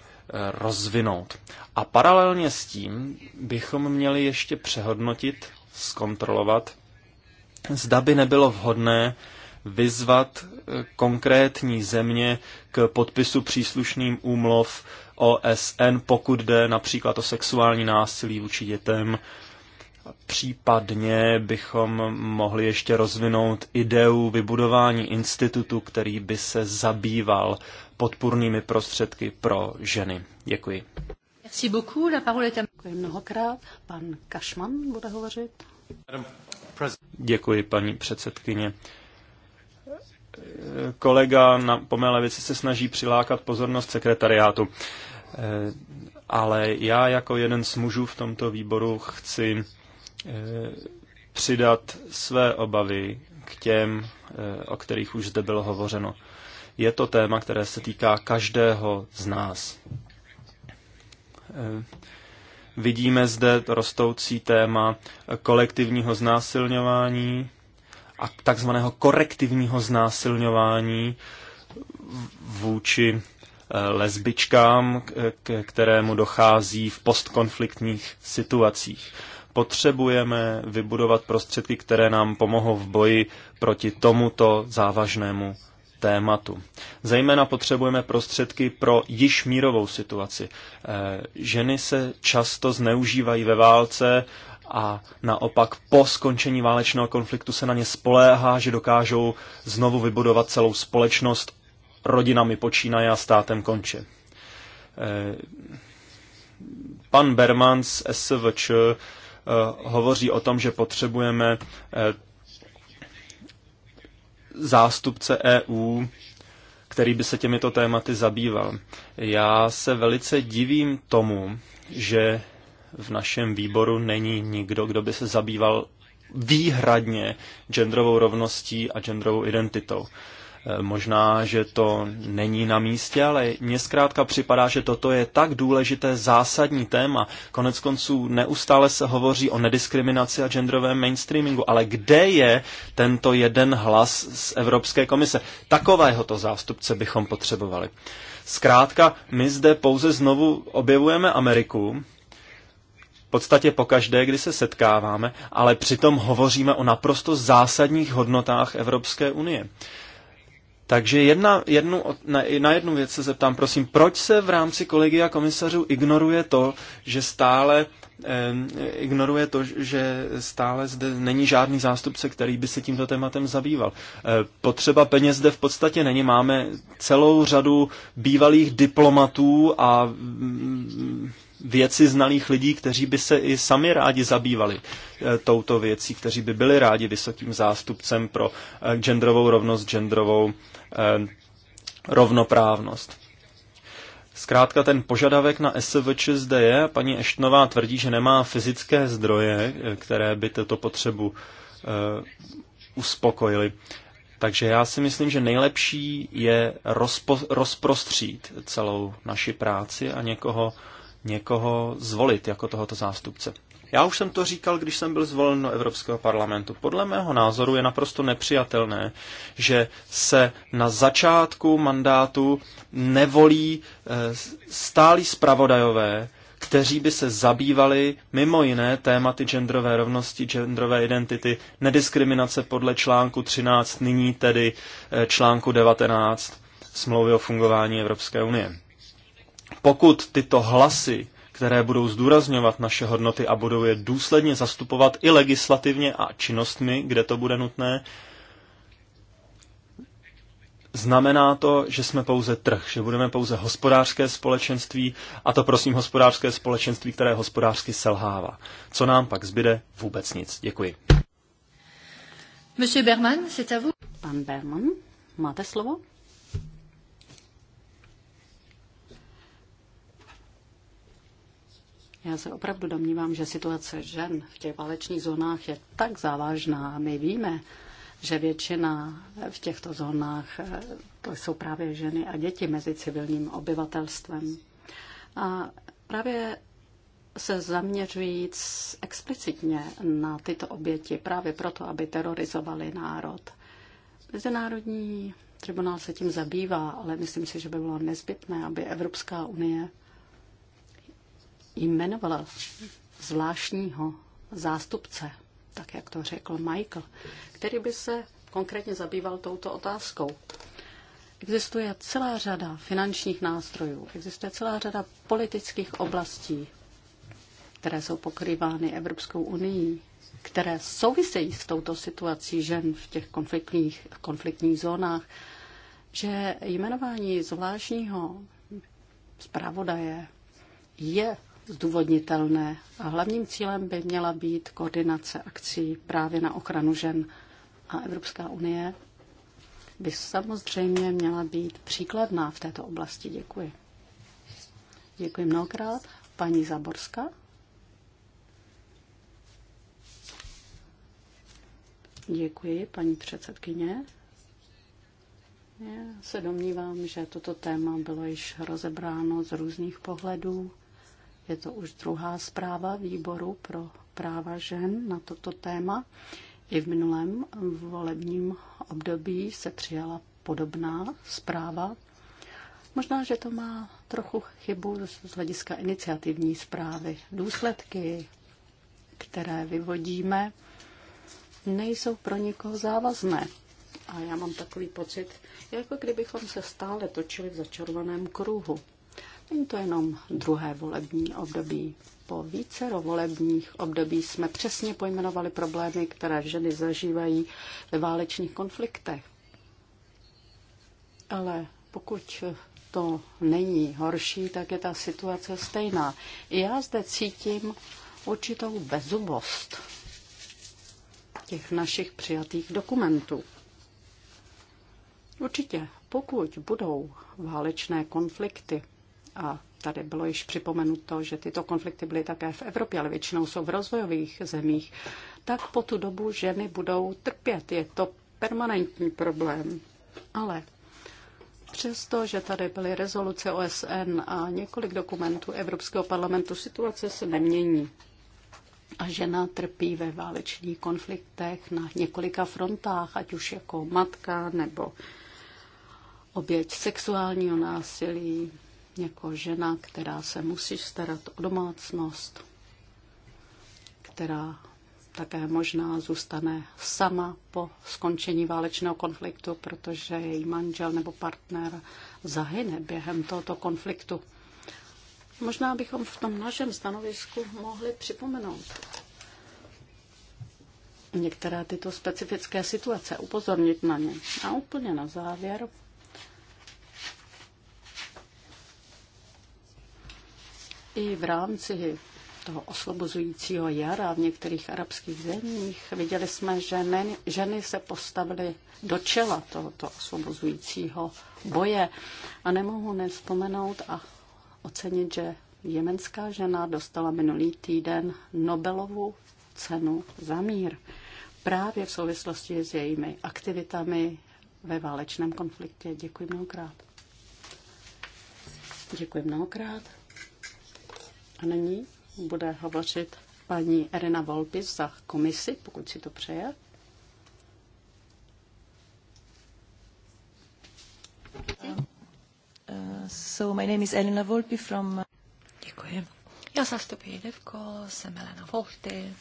rozvinout. A paralelně s tím bychom měli ještě přehodnotit, zkontrolovat, zda by nebylo vhodné vyzvat eh, konkrétní země k podpisu příslušným úmluv OSN, pokud jde například o sexuální násilí vůči dětem Případně bychom mohli ještě rozvinout ideu vybudování institutu, který by se zabýval podpůrnými prostředky pro ženy. Děkuji. Merci beaucoup. La parole est à... Děkuji mnohokrát. Pan Kašman bude hovořit. Děkuji, paní předsedkyně. Kolega na, po mé levici se snaží přilákat pozornost sekretariátu eh, ale já jako jeden z mužů v tomto výboru chci Eh, přidat své obavy k těm, eh, o kterých už zde bylo hovořeno. Je to téma, které se týká každého z nás. Eh, vidíme zde rostoucí téma kolektivního znásilňování a takzvaného korektivního znásilňování vůči lesbičkám, k kterému dochází v postkonfliktních situacích potřebujeme vybudovat prostředky, které nám pomohou v boji proti tomuto závažnému tématu. Zejména potřebujeme prostředky pro již mírovou situaci. Eh, ženy se často zneužívají ve válce a naopak po skončení válečného konfliktu se na ně spoléhá, že dokážou znovu vybudovat celou společnost, rodinami počínaje a státem konče. Eh, pan Bermans SVČ Eh, hovoří o tom, že potřebujeme eh, zástupce EU, který by se těmito tématy zabýval. Já se velice divím tomu, že v našem výboru není nikdo, kdo by se zabýval výhradně genderovou rovností a genderovou identitou. Možná, že to není na místě, ale mně zkrátka připadá, že toto je tak důležité zásadní téma. Konec konců neustále se hovoří o nediskriminaci a genderovém mainstreamingu, ale kde je tento jeden hlas z Evropské komise? Takového to zástupce bychom potřebovali. Zkrátka, my zde pouze znovu objevujeme Ameriku, podstatě pokaždé, kdy se setkáváme, ale přitom hovoříme o naprosto zásadních hodnotách Evropské unie. Takže jedna, jednu, na, na jednu věc se zeptám, prosím, proč se v rámci kolegia komisařů ignoruje to, že stále ignoruje to, že stále zde není žádný zástupce, který by se tímto tématem zabýval. E, potřeba peněz zde v podstatě není. Máme celou řadu bývalých diplomatů a mm, věci znalých lidí, kteří by se i sami rádi zabývali e, touto věcí, kteří by byli rádi vysokým zástupcem pro e, genderovou rovnost, genderovou Eh, rovnoprávnost. Zkrátka ten požadavek na SVČ zde je. Paní Eštnová tvrdí, že nemá fyzické zdroje, eh, které by tuto potřebu eh, uspokojily. Takže já si myslím, že nejlepší je rozpo, rozprostřít celou naši práci a někoho, někoho zvolit jako tohoto zástupce. Já už jsem to říkal, když jsem byl zvolen do Evropského parlamentu. Podle mého názoru je naprosto nepřijatelné, že se na začátku mandátu nevolí eh, stálí zpravodajové, kteří by se zabývali mimo jiné tématy genderové rovnosti, genderové identity, nediskriminace podle článku 13, nyní tedy eh, článku 19 smlouvy o fungování Evropské unie. Pokud tyto hlasy které budou zdůrazňovat naše hodnoty a budou je důsledně zastupovat i legislativně a činnostmi, kde to bude nutné, znamená to, že jsme pouze trh, že budeme pouze hospodářské společenství, a to prosím hospodářské společenství, které hospodářsky selhává. Co nám pak zbyde? Vůbec nic. Děkuji. Monsieur Berman, c'est à vous. Pan Berman, máte slovo? Já se opravdu domnívám, že situace žen v těch válečných zónách je tak závažná. My víme, že většina v těchto zónách eh, to jsou právě ženy a děti mezi civilním obyvatelstvem. A právě se zaměřují explicitně na tyto oběti právě proto, aby terorizovali národ. Mezinárodní tribunál se tím zabývá, ale myslím si, že by bylo nezbytné, aby Evropská unie jmenoval zvláštního zástupce, tak jak to řekl Michael, který by se konkrétně zabýval touto otázkou. Existuje celá řada finančních nástrojů, existuje celá řada politických oblastí, které jsou pokrývány Evropskou unii, které souvisejí s touto situací žen v těch konfliktních, konfliktních zónách, že jmenování zvláštního zpravodaje je zdůvodnitelné. A hlavním cílem by měla být koordinace akcí právě na ochranu žen. A Evropská unie by samozřejmě měla být příkladná v této oblasti. Děkuji. Děkuji mnohokrát. Paní Zaborská. Děkuji, paní předsedkyně. Já se domnívám, že toto téma bylo již rozebráno z různých pohledů. Je to už druhá zpráva výboru pro práva žen na toto téma. I v minulém volebním období se přijala podobná zpráva. Možná, že to má trochu chybu z hlediska iniciativní zprávy. Důsledky, které vyvodíme, nejsou pro nikoho závazné. A já mám takový pocit, jako kdybychom se stále točili v začarovaném kruhu. Není to jenom druhé volební období. Po více volebních období jsme přesně pojmenovali problémy, které ženy zažívají ve válečných konfliktech. Ale pokud to není horší, tak je ta situace stejná. I já zde cítím určitou bezubost těch našich přijatých dokumentů. Určitě, pokud budou válečné konflikty, a tady bylo již připomenuto, že tyto konflikty byly také v Evropě, ale většinou jsou v rozvojových zemích, tak po tu dobu ženy budou trpět. Je to permanentní problém. Ale přesto, že tady byly rezoluce OSN a několik dokumentů Evropského parlamentu, situace se nemění. A žena trpí ve válečných konfliktech na několika frontách, ať už jako matka nebo oběť sexuálního násilí, jako žena, která se musí starat o domácnost, která také možná zůstane sama po skončení válečného konfliktu, protože její manžel nebo partner zahyne během tohoto konfliktu. Možná bychom v tom našem stanovisku mohli připomenout některé tyto specifické situace, upozornit na ně. A úplně na závěr i v rámci toho osvobozujícího jara v některých arabských zemích viděli jsme, že ne, ženy se postavily do čela tohoto osvobozujícího boje. A nemohu nespomenout a ocenit, že jemenská žena dostala minulý týden Nobelovu cenu za mír právě v souvislosti s jejími aktivitami ve válečném konfliktě. Děkuji mnohokrát. Děkuji mnohokrát. A nyní bude hovořit paní Erina Volpis za komisi, pokud si to přeje. so my name is Elena Volpi from... Uh, Děkuji. Já zastupuji Devko, jsem Elena Volpi,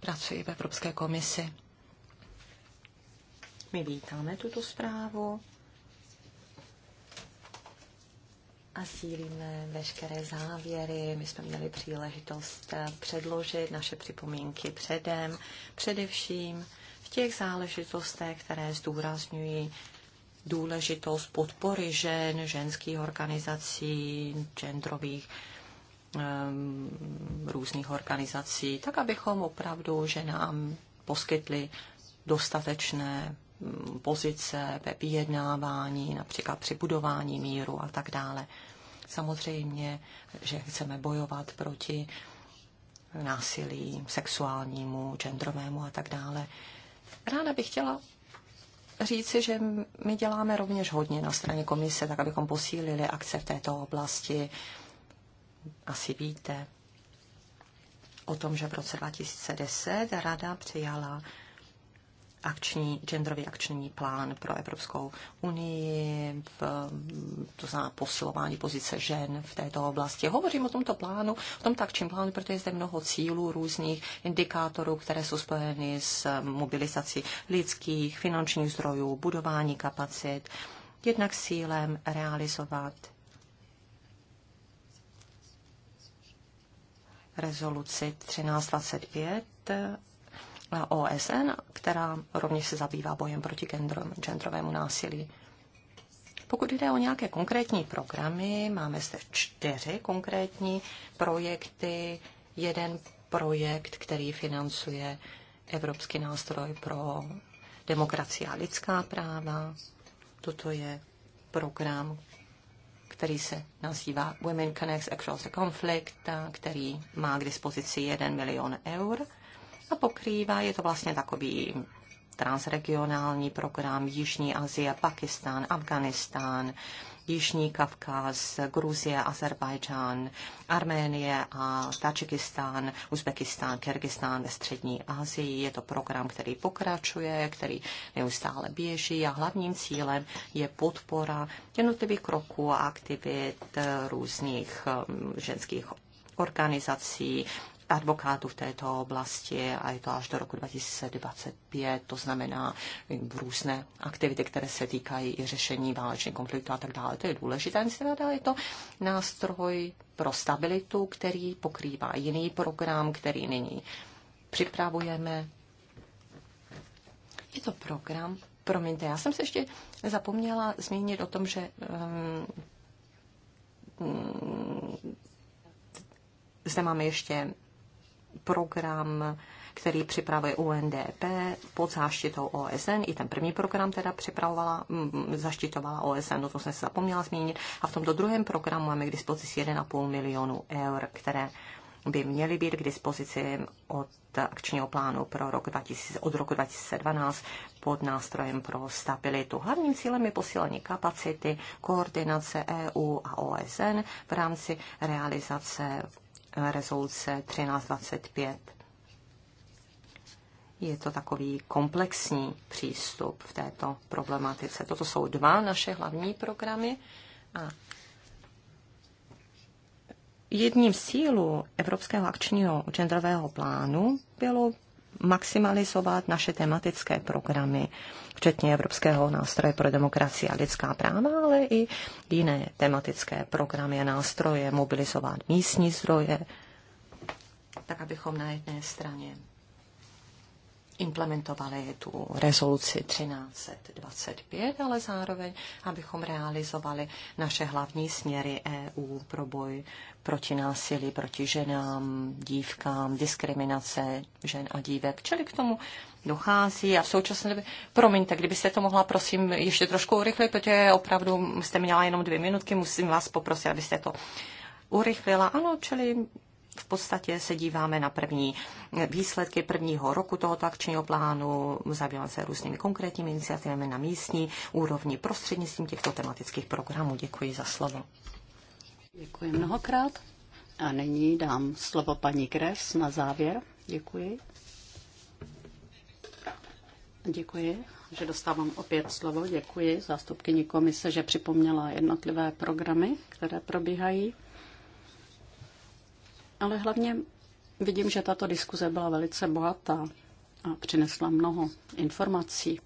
pracuji v Evropské komisi. My vítáme tuto zprávu a sílíme veškeré závěry. My jsme měli příležitost předložit naše připomínky předem, především v těch záležitostech, které zdůrazňují důležitost podpory žen, ženských organizací, genderových um, různých organizací, tak abychom opravdu ženám poskytli dostatečné pozice ve vyjednávání, například při budování míru a tak dále. Samozřejmě, že chceme bojovat proti násilí sexuálnímu, genderovému a tak dále. Ráda bych chtěla říci, že my děláme rovněž hodně na straně komise, tak abychom posílili akce v této oblasti. Asi víte o tom, že v roce 2010 Rada přijala akční, genderový akční plán pro Evropskou unii, v, to znamená posilování pozice žen v této oblasti. Hovořím o tomto plánu, o tom akčním plánu, protože je zde mnoho cílů, různých indikátorů, které jsou spojeny s mobilizací lidských, finančních zdrojů, budování kapacit, jednak s cílem realizovat rezoluci 1325 OSN, která rovněž se zabývá bojem proti genderovému násilí. Pokud jde o nějaké konkrétní programy, máme zde čtyři konkrétní projekty. Jeden projekt, který financuje Evropský nástroj pro demokracii a lidská práva. Toto je program, který se nazývá Women Connects Across the Conflict, který má k dispozici 1 milion eur a pokrývá, je to vlastně takový transregionální program Jižní Asie, Pakistán, Afganistán, Jižní Kavkaz, Gruzie, Azerbajdžán, Arménie a Tačikistán, Uzbekistán, Kyrgyzstán ve střední Asii. Je to program, který pokračuje, který neustále běží a hlavním cílem je podpora jednotlivých kroků a aktivit různých um, ženských organizací, advokátů v této oblasti a je to až do roku 2025, to znamená různé aktivity, které se týkají i řešení válečných konfliktů a tak dále. To je důležité. je to nástroj pro stabilitu, který pokrývá jiný program, který nyní připravujeme. Je to program, promiňte, já jsem se ještě zapomněla zmínit o tom, že um, zde máme ještě program, který připravuje UNDP pod záštitou OSN. I ten první program teda připravovala, zaštitovala OSN, no to jsem se zapomněla zmínit. A v tomto druhém programu máme k dispozici 1,5 milionu eur, které by měly být k dispozici od akčního plánu pro rok 2000, od roku 2012 pod nástrojem pro stabilitu. Hlavním cílem je posílení kapacity, koordinace EU a OSN v rámci realizace rezoluce 1325. Je to takový komplexní přístup v této problematice. Toto jsou dva naše hlavní programy a jedním z cílů Evropského akčního genderového plánu bylo maximalizovat naše tematické programy, včetně Evropského nástroje pro demokracii a lidská práva, ale i jiné tematické programy a nástroje, mobilizovat místní zdroje, tak abychom na jedné straně implementovali tu rezoluci 1325, ale zároveň, abychom realizovali naše hlavní směry EU pro boj proti násilí, proti ženám, dívkám, diskriminace žen a dívek. Čili k tomu dochází a v současné době, promiňte, kdybyste to mohla, prosím, ještě trošku urychlit, protože opravdu jste měla jenom dvě minutky, musím vás poprosit, abyste to urychlila. Ano, čili v podstatě se díváme na první výsledky prvního roku tohoto akčního plánu, zabýváme se různými konkrétními iniciativami na místní úrovni prostřednictvím těchto tematických programů. Děkuji za slovo. Děkuji mnohokrát. A nyní dám slovo paní Kres na závěr. Děkuji. Děkuji, že dostávám opět slovo. Děkuji zástupkyni komise, že připomněla jednotlivé programy, které probíhají ale hlavně vidím, že tato diskuze byla velice bohatá a přinesla mnoho informací.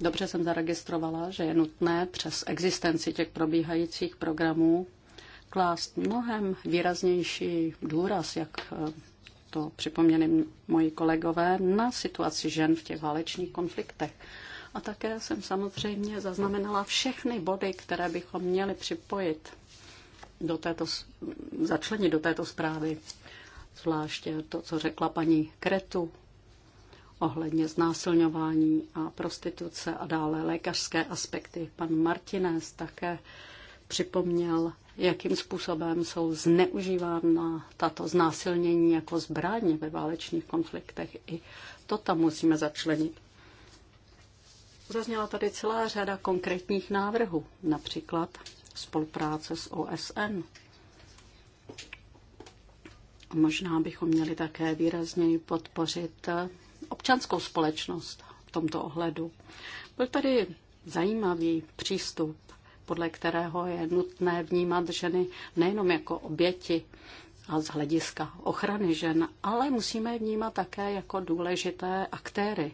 Dobře jsem zaregistrovala, že je nutné přes existenci těch probíhajících programů klást mnohem výraznější důraz, jak eh, to připomněli moji kolegové, na situaci žen v těch válečných konfliktech. A také jsem samozřejmě zaznamenala všechny body, které bychom měli připojit do této, začlenit do této zprávy, zvláště to, co řekla paní Kretu ohledně znásilňování a prostituce a dále lékařské aspekty. Pan Martinez také připomněl, jakým způsobem jsou zneužívána tato znásilnění jako zbraň ve válečných konfliktech. I to tam musíme začlenit. Zazněla tady celá řada konkrétních návrhů, například spolupráce s OSN. Možná bychom měli také výrazněji podpořit občanskou společnost v tomto ohledu. Byl tady zajímavý přístup, podle kterého je nutné vnímat ženy nejenom jako oběti a z hlediska ochrany žen, ale musíme je vnímat také jako důležité aktéry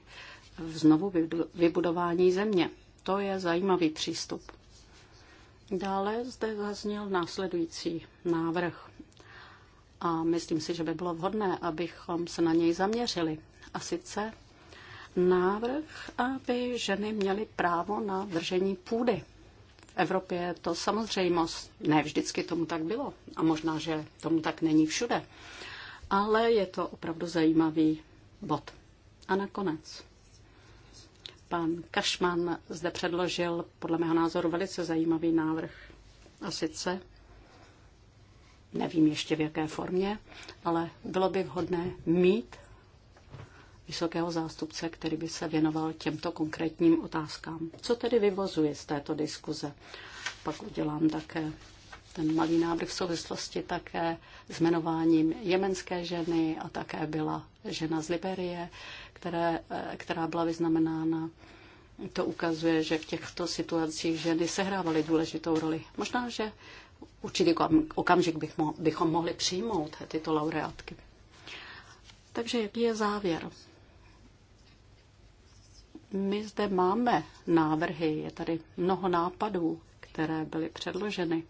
v znovu vybudování země. To je zajímavý přístup. Dále zde zazněl následující návrh a myslím si, že by bylo vhodné, abychom se na něj zaměřili. A sice návrh, aby ženy měly právo na držení půdy. V Evropě je to samozřejmost. Ne vždycky tomu tak bylo a možná, že tomu tak není všude. Ale je to opravdu zajímavý bod. A nakonec Pan Kašman zde předložil podle mého názoru velice zajímavý návrh. A sice, nevím ještě v jaké formě, ale bylo by vhodné mít vysokého zástupce, který by se věnoval těmto konkrétním otázkám. Co tedy vyvozuje z této diskuze? Pak udělám také ten malý návrh v souvislosti také s jmenováním jemenské ženy a také byla žena z Liberie, které, eh, která byla vyznamenána. To ukazuje, že v těchto situacích ženy sehrávaly důležitou roli. Možná, že určitý okamžik bych mo- bychom mohli přijmout tyto laureátky. Takže jaký je závěr? My zde máme návrhy, je tady mnoho nápadů, které byly předloženy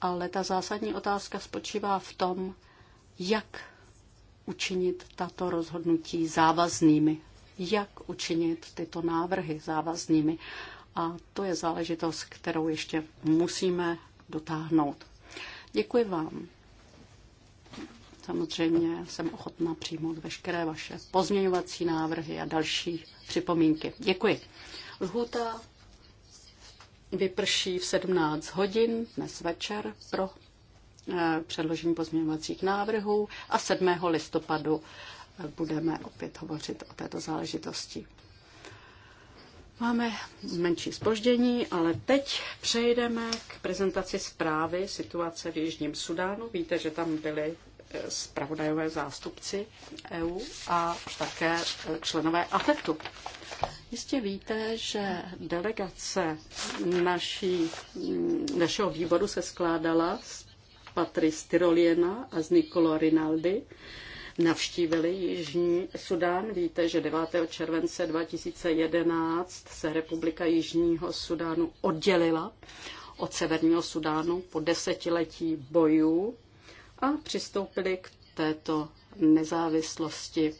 ale ta zásadní otázka spočívá v tom, jak učinit tato rozhodnutí závaznými, jak učinit tyto návrhy závaznými. A to je záležitost, kterou ještě musíme dotáhnout. Děkuji vám. Samozřejmě jsem ochotná přijmout veškeré vaše pozměňovací návrhy a další připomínky. Děkuji. Lhuta vyprší v 17 hodin dnes večer pro eh, předložení pozměňovacích návrhů a 7. listopadu eh, budeme opět hovořit o této záležitosti. Máme menší spoždění, ale teď přejdeme k prezentaci zprávy situace v Jižním Sudánu. Víte, že tam byly spravodajové eh, zástupci EU a také členové AFETu. Jistě víte, že delegace naší, našeho výboru se skládala z Patry Styroliena a z Nicolo Rinaldi. Navštívili Jižní Sudán. Víte, že 9. července 2011 se Republika Jižního Sudánu oddělila od Severního Sudánu po desetiletí bojů a přistoupili k této nezávislosti.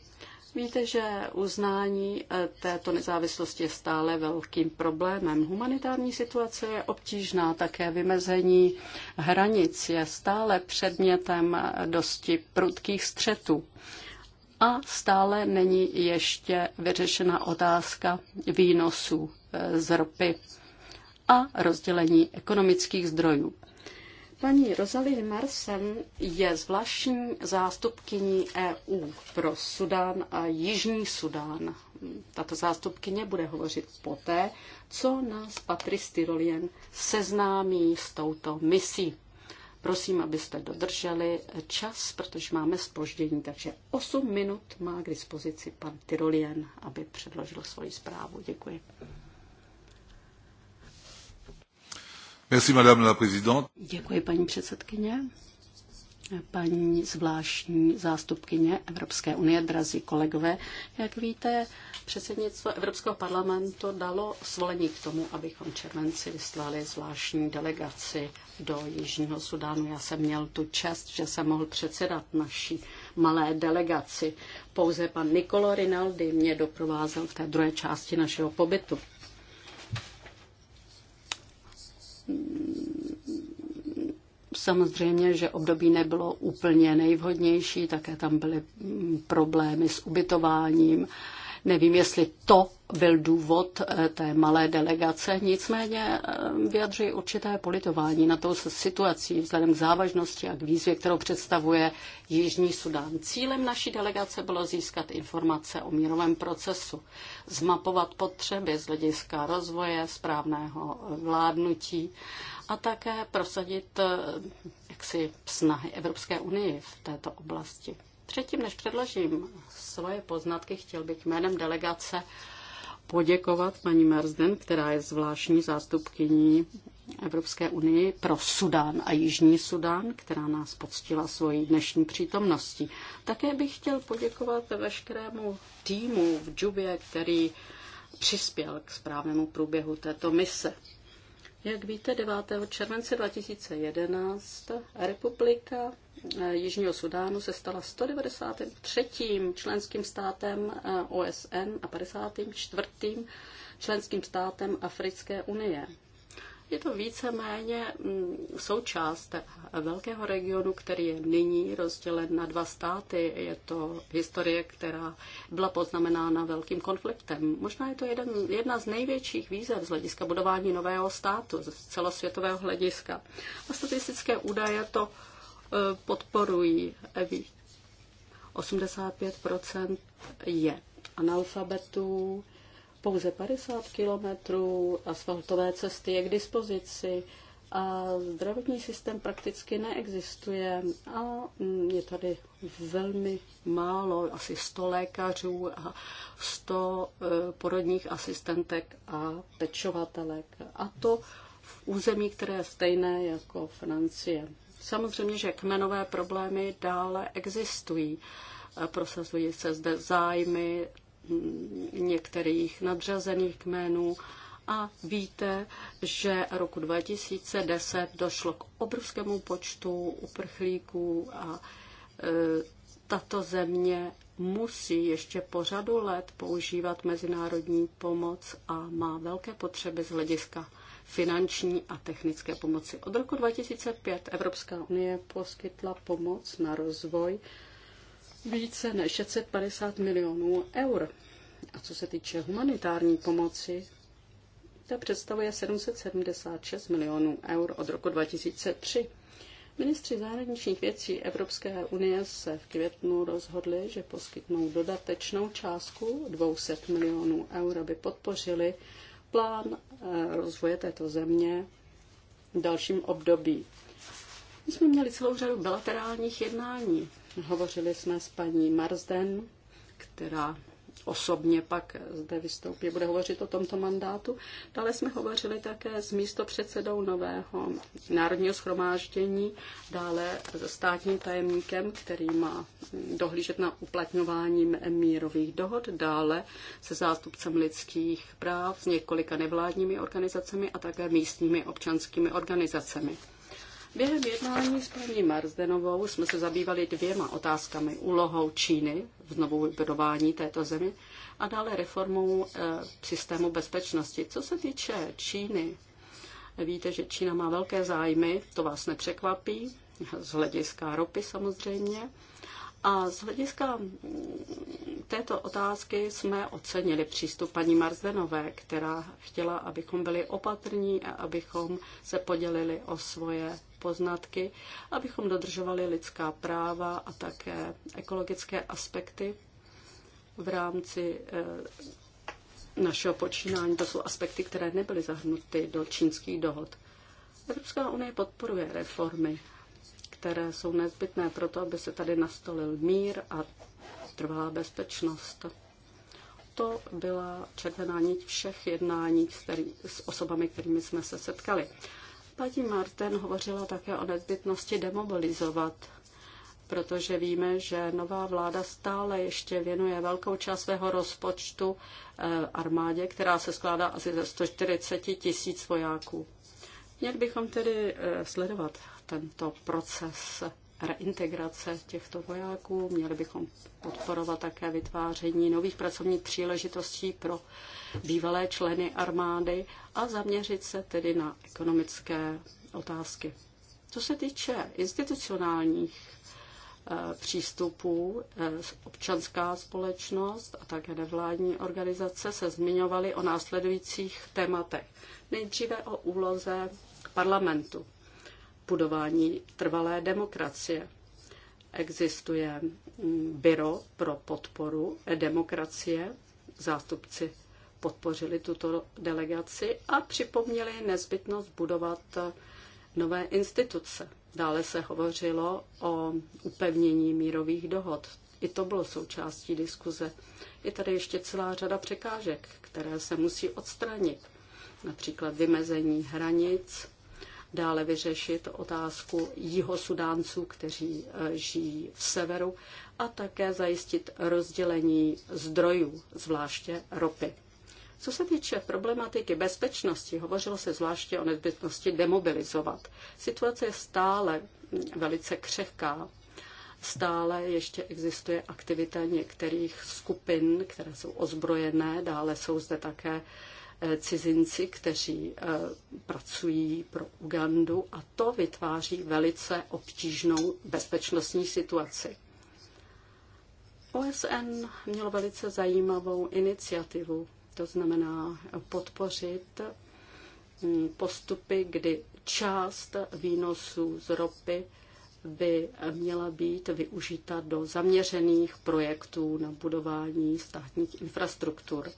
Víte, že uznání eh, této nezávislosti je stále velkým problémem. Humanitární situace je obtížná, také vymezení hranic je stále předmětem eh, dosti prudkých střetů. A stále není ještě vyřešena otázka výnosů eh, z ropy a rozdělení ekonomických zdrojů. Paní Rosalie Marsen je zvláštní zástupkyní EU pro Sudán a Jižní Sudán. Tato zástupkyně bude hovořit poté, co nás Patrice Tyrolien seznámí s touto misí. Prosím, abyste dodrželi čas, protože máme spoždění, takže 8 minut má k dispozici pan Tyrolien, aby předložil svoji zprávu. Děkuji. Merci, madame la présidente. Děkuji, paní předsedkyně. Paní zvláštní zástupkyně Evropské unie, drazí kolegové, jak víte, předsednictvo Evropského parlamentu dalo svolení k tomu, abychom červenci vyslali zvláštní delegaci do Jižního Sudánu. Já jsem měl tu čest, že jsem mohl předsedat naší malé delegaci. Pouze pan Nicolo Rinaldi mě doprovázel v té druhé části našeho pobytu. Samozřejmě, že období nebylo úplně nejvhodnější, také tam byly mm, problémy s ubytováním Nevím, jestli to byl důvod eh, té malé delegace, nicméně eh, vyjadřují určité politování na tou situací vzhledem k závažnosti a k výzvě, kterou představuje Jižní Sudán. Cílem naší delegace bylo získat informace o mírovém procesu, zmapovat potřeby z hlediska rozvoje, správného vládnutí a také prosadit eh, jaksi snahy Evropské unie v této oblasti. Třetím, než předložím svoje poznatky, chtěl bych jménem delegace poděkovat paní Marsden, která je zvláštní zástupkyní Evropské unii pro Sudán a Jižní Sudán, která nás poctila svojí dnešní přítomností. Také bych chtěl poděkovat veškerému týmu v Džubě, který přispěl k správnému průběhu této mise. Jak víte, 9. července 2011 Republika eh, Jižního Sudánu se stala 193. členským státem eh, OSN a 54. členským státem Africké unie. Je to víceméně mm, součást velkého regionu, který je nyní rozdělen na dva státy. Je to historie, která byla poznamenána velkým konfliktem. Možná je to jeden, jedna z největších výzev z hlediska budování nového státu, z celosvětového hlediska. A statistické údaje to e, podporují. 85 e, je analfabetů, pouze 50 kilometrů asfaltové cesty je k dispozici a zdravotní systém prakticky neexistuje a je tady velmi málo, asi 100 lékařů a 100 e, porodních asistentek a pečovatelek. A to v území, které je stejné jako Francie. Samozřejmě, že kmenové problémy dále existují. E, prosazují se zde zájmy některých nadřazených kmenů a víte, že roku 2010 došlo k obrovskému počtu uprchlíků a e, tato země musí ještě po řadu let používat mezinárodní pomoc a má velké potřeby z hlediska finanční a technické pomoci. Od roku 2005 Evropská unie poskytla pomoc na rozvoj více než 650 milionů eur. A co se týče humanitární pomoci, ta představuje 776 milionů eur od roku 2003. Ministři zahraničních věcí Evropské unie se v květnu rozhodli, že poskytnou dodatečnou částku 200 milionů eur, aby podpořili plán eh, rozvoje této země v dalším období. My jsme měli celou řadu bilaterálních jednání Hovořili jsme s paní Marsden, která osobně pak zde vystoupí, bude hovořit o tomto mandátu. Dále jsme hovořili také s místopředsedou nového národního schromáždění, dále s státním tajemníkem, který má dohlížet na uplatňování mírových dohod, dále se zástupcem lidských práv, s několika nevládními organizacemi a také místními občanskými organizacemi. Během jednání s paní Marzdenovou jsme se zabývali dvěma otázkami. Úlohou Číny v znovu vybudování této zemi a dále reformou e, systému bezpečnosti. Co se týče Číny, víte, že Čína má velké zájmy, to vás nepřekvapí, z hlediska ropy samozřejmě. A z hlediska mm, této otázky jsme ocenili přístup paní Marzenové, která chtěla, abychom byli opatrní a abychom se podělili o svoje poznatky, abychom dodržovali lidská práva a také ekologické aspekty v rámci eh, našeho počínání. To jsou aspekty, které nebyly zahrnuty do čínských dohod. Evropská unie podporuje reformy, které jsou nezbytné pro to, aby se tady nastolil mír a trvalá bezpečnost. To byla červená niť všech jednání s osobami, kterými jsme se setkali. Paní Marten hovořila také o nezbytnosti demobilizovat, protože víme, že nová vláda stále ještě věnuje velkou část svého rozpočtu eh, armádě, která se skládá asi ze 140 tisíc vojáků. Měli bychom tedy eh, sledovat tento proces reintegrace těchto vojáků. Měli bychom podporovat také vytváření nových pracovních příležitostí pro bývalé členy armády a zaměřit se tedy na ekonomické otázky. Co se týče institucionálních eh, přístupů eh, občanská společnost a také nevládní organizace se zmiňovaly o následujících tématech. Nejdříve o úloze parlamentu budování trvalé demokracie. Existuje byro pro podporu demokracie. Zástupci podpořili tuto delegaci a připomněli nezbytnost budovat nové instituce. Dále se hovořilo o upevnění mírových dohod. I to bylo součástí diskuze. Je tady ještě celá řada překážek, které se musí odstranit. Například vymezení hranic, dále vyřešit otázku jihosudánců, kteří e, žijí v severu a také zajistit rozdělení zdrojů, zvláště ropy. Co se týče problematiky bezpečnosti, hovořilo se zvláště o nezbytnosti demobilizovat. Situace je stále velice křehká. Stále ještě existuje aktivita některých skupin, které jsou ozbrojené, dále jsou zde také uh, Eh, cizinci, kteří eh, pracují pro Ugandu a to vytváří velice obtížnou bezpečnostní situaci. OSN mělo velice zajímavou iniciativu, to znamená podpořit hm, postupy, kdy část výnosů z ropy by měla být využita do zaměřených projektů na budování státních infrastruktur.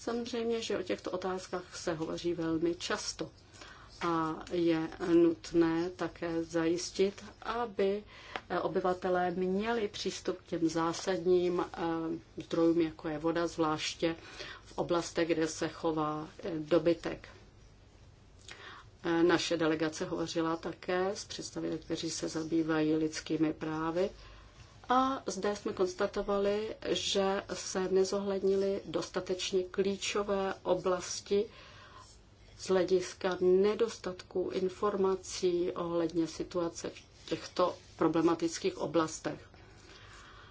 Samozřejmě, že o těchto otázkách se hovoří velmi často a je nutné také zajistit, aby eh, obyvatelé měli přístup k těm zásadním eh, zdrojům, jako je voda, zvláště v oblastech, kde se chová eh, dobytek. Naše delegace hovořila také s představiteli, kteří se zabývají lidskými právy a zde jsme konstatovali, že se nezohlednily dostatečně klíčové oblasti z hlediska nedostatku informací ohledně situace v těchto problematických oblastech.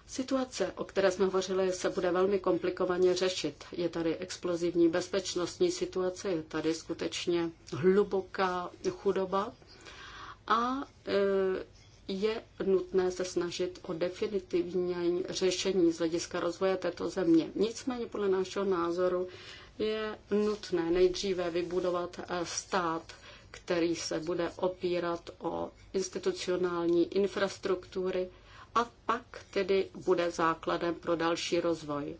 Situace, o které jsme hovořili, se bude velmi komplikovaně řešit. Je tady explozivní bezpečnostní situace, je tady skutečně hluboká chudoba a e, je nutné se snažit o definitivní řešení z hlediska rozvoje této země. Nicméně podle našeho názoru je nutné nejdříve vybudovat eh, stát, který se bude opírat o institucionální infrastruktury a pak tedy bude základem pro další rozvoj.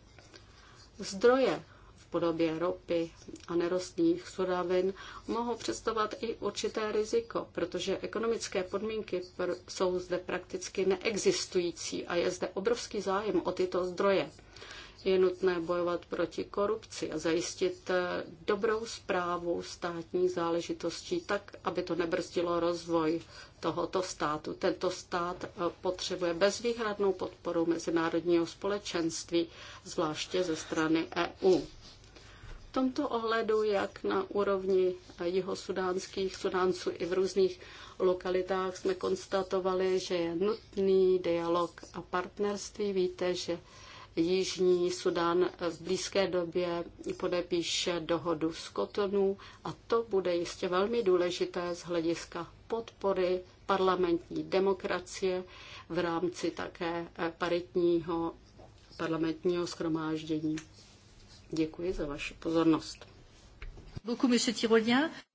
Zdroje podobě ropy a nerostných surovin mohou představovat i určité riziko, protože ekonomické podmínky jsou zde prakticky neexistující a je zde obrovský zájem o tyto zdroje. Je nutné bojovat proti korupci a zajistit eh, dobrou zprávu státních záležitostí tak, aby to nebrzdilo rozvoj tohoto státu. Tento stát eh, potřebuje bezvýhradnou podporu mezinárodního společenství, zvláště ze strany EU tomto ohledu, jak na úrovni jihosudánských sudánců i v různých lokalitách, jsme konstatovali, že je nutný dialog a partnerství. Víte, že Jižní Sudán v blízké době podepíše dohodu s Kotonu a to bude jistě velmi důležité z hlediska podpory parlamentní demokracie v rámci také paritního parlamentního schromáždění. Děkuji za vaši pozornost.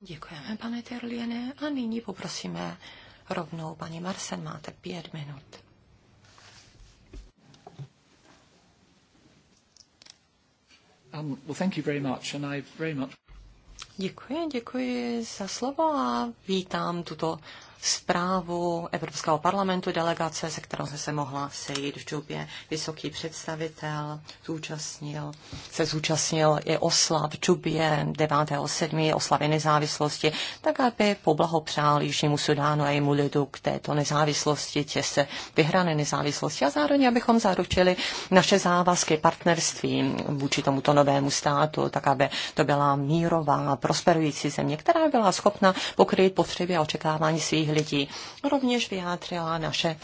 Děkujeme, pane Tyroliene. A nyní poprosíme rovnou paní Marsen. Máte pět minut. Um, well, thank you very much, and I very much... Děkuji, děkuji za slovo a vítám tuto zprávu Evropského parlamentu delegace, se kterou jsem se mohla sejít v Džubě. Vysoký představitel zúčastnil, se zúčastnil i oslav v Džubě 9.7. oslavy nezávislosti, tak aby poblahopřál Jižnímu Sudánu a jemu lidu k této nezávislosti, se vyhrané nezávislosti a zároveň, abychom zaručili naše závazky partnerství vůči tomuto novému státu, tak aby to byla mírová, prosperující země, která byla schopna pokryt potřeby a očekávání svých lidí. Rovněž vyjádřila naše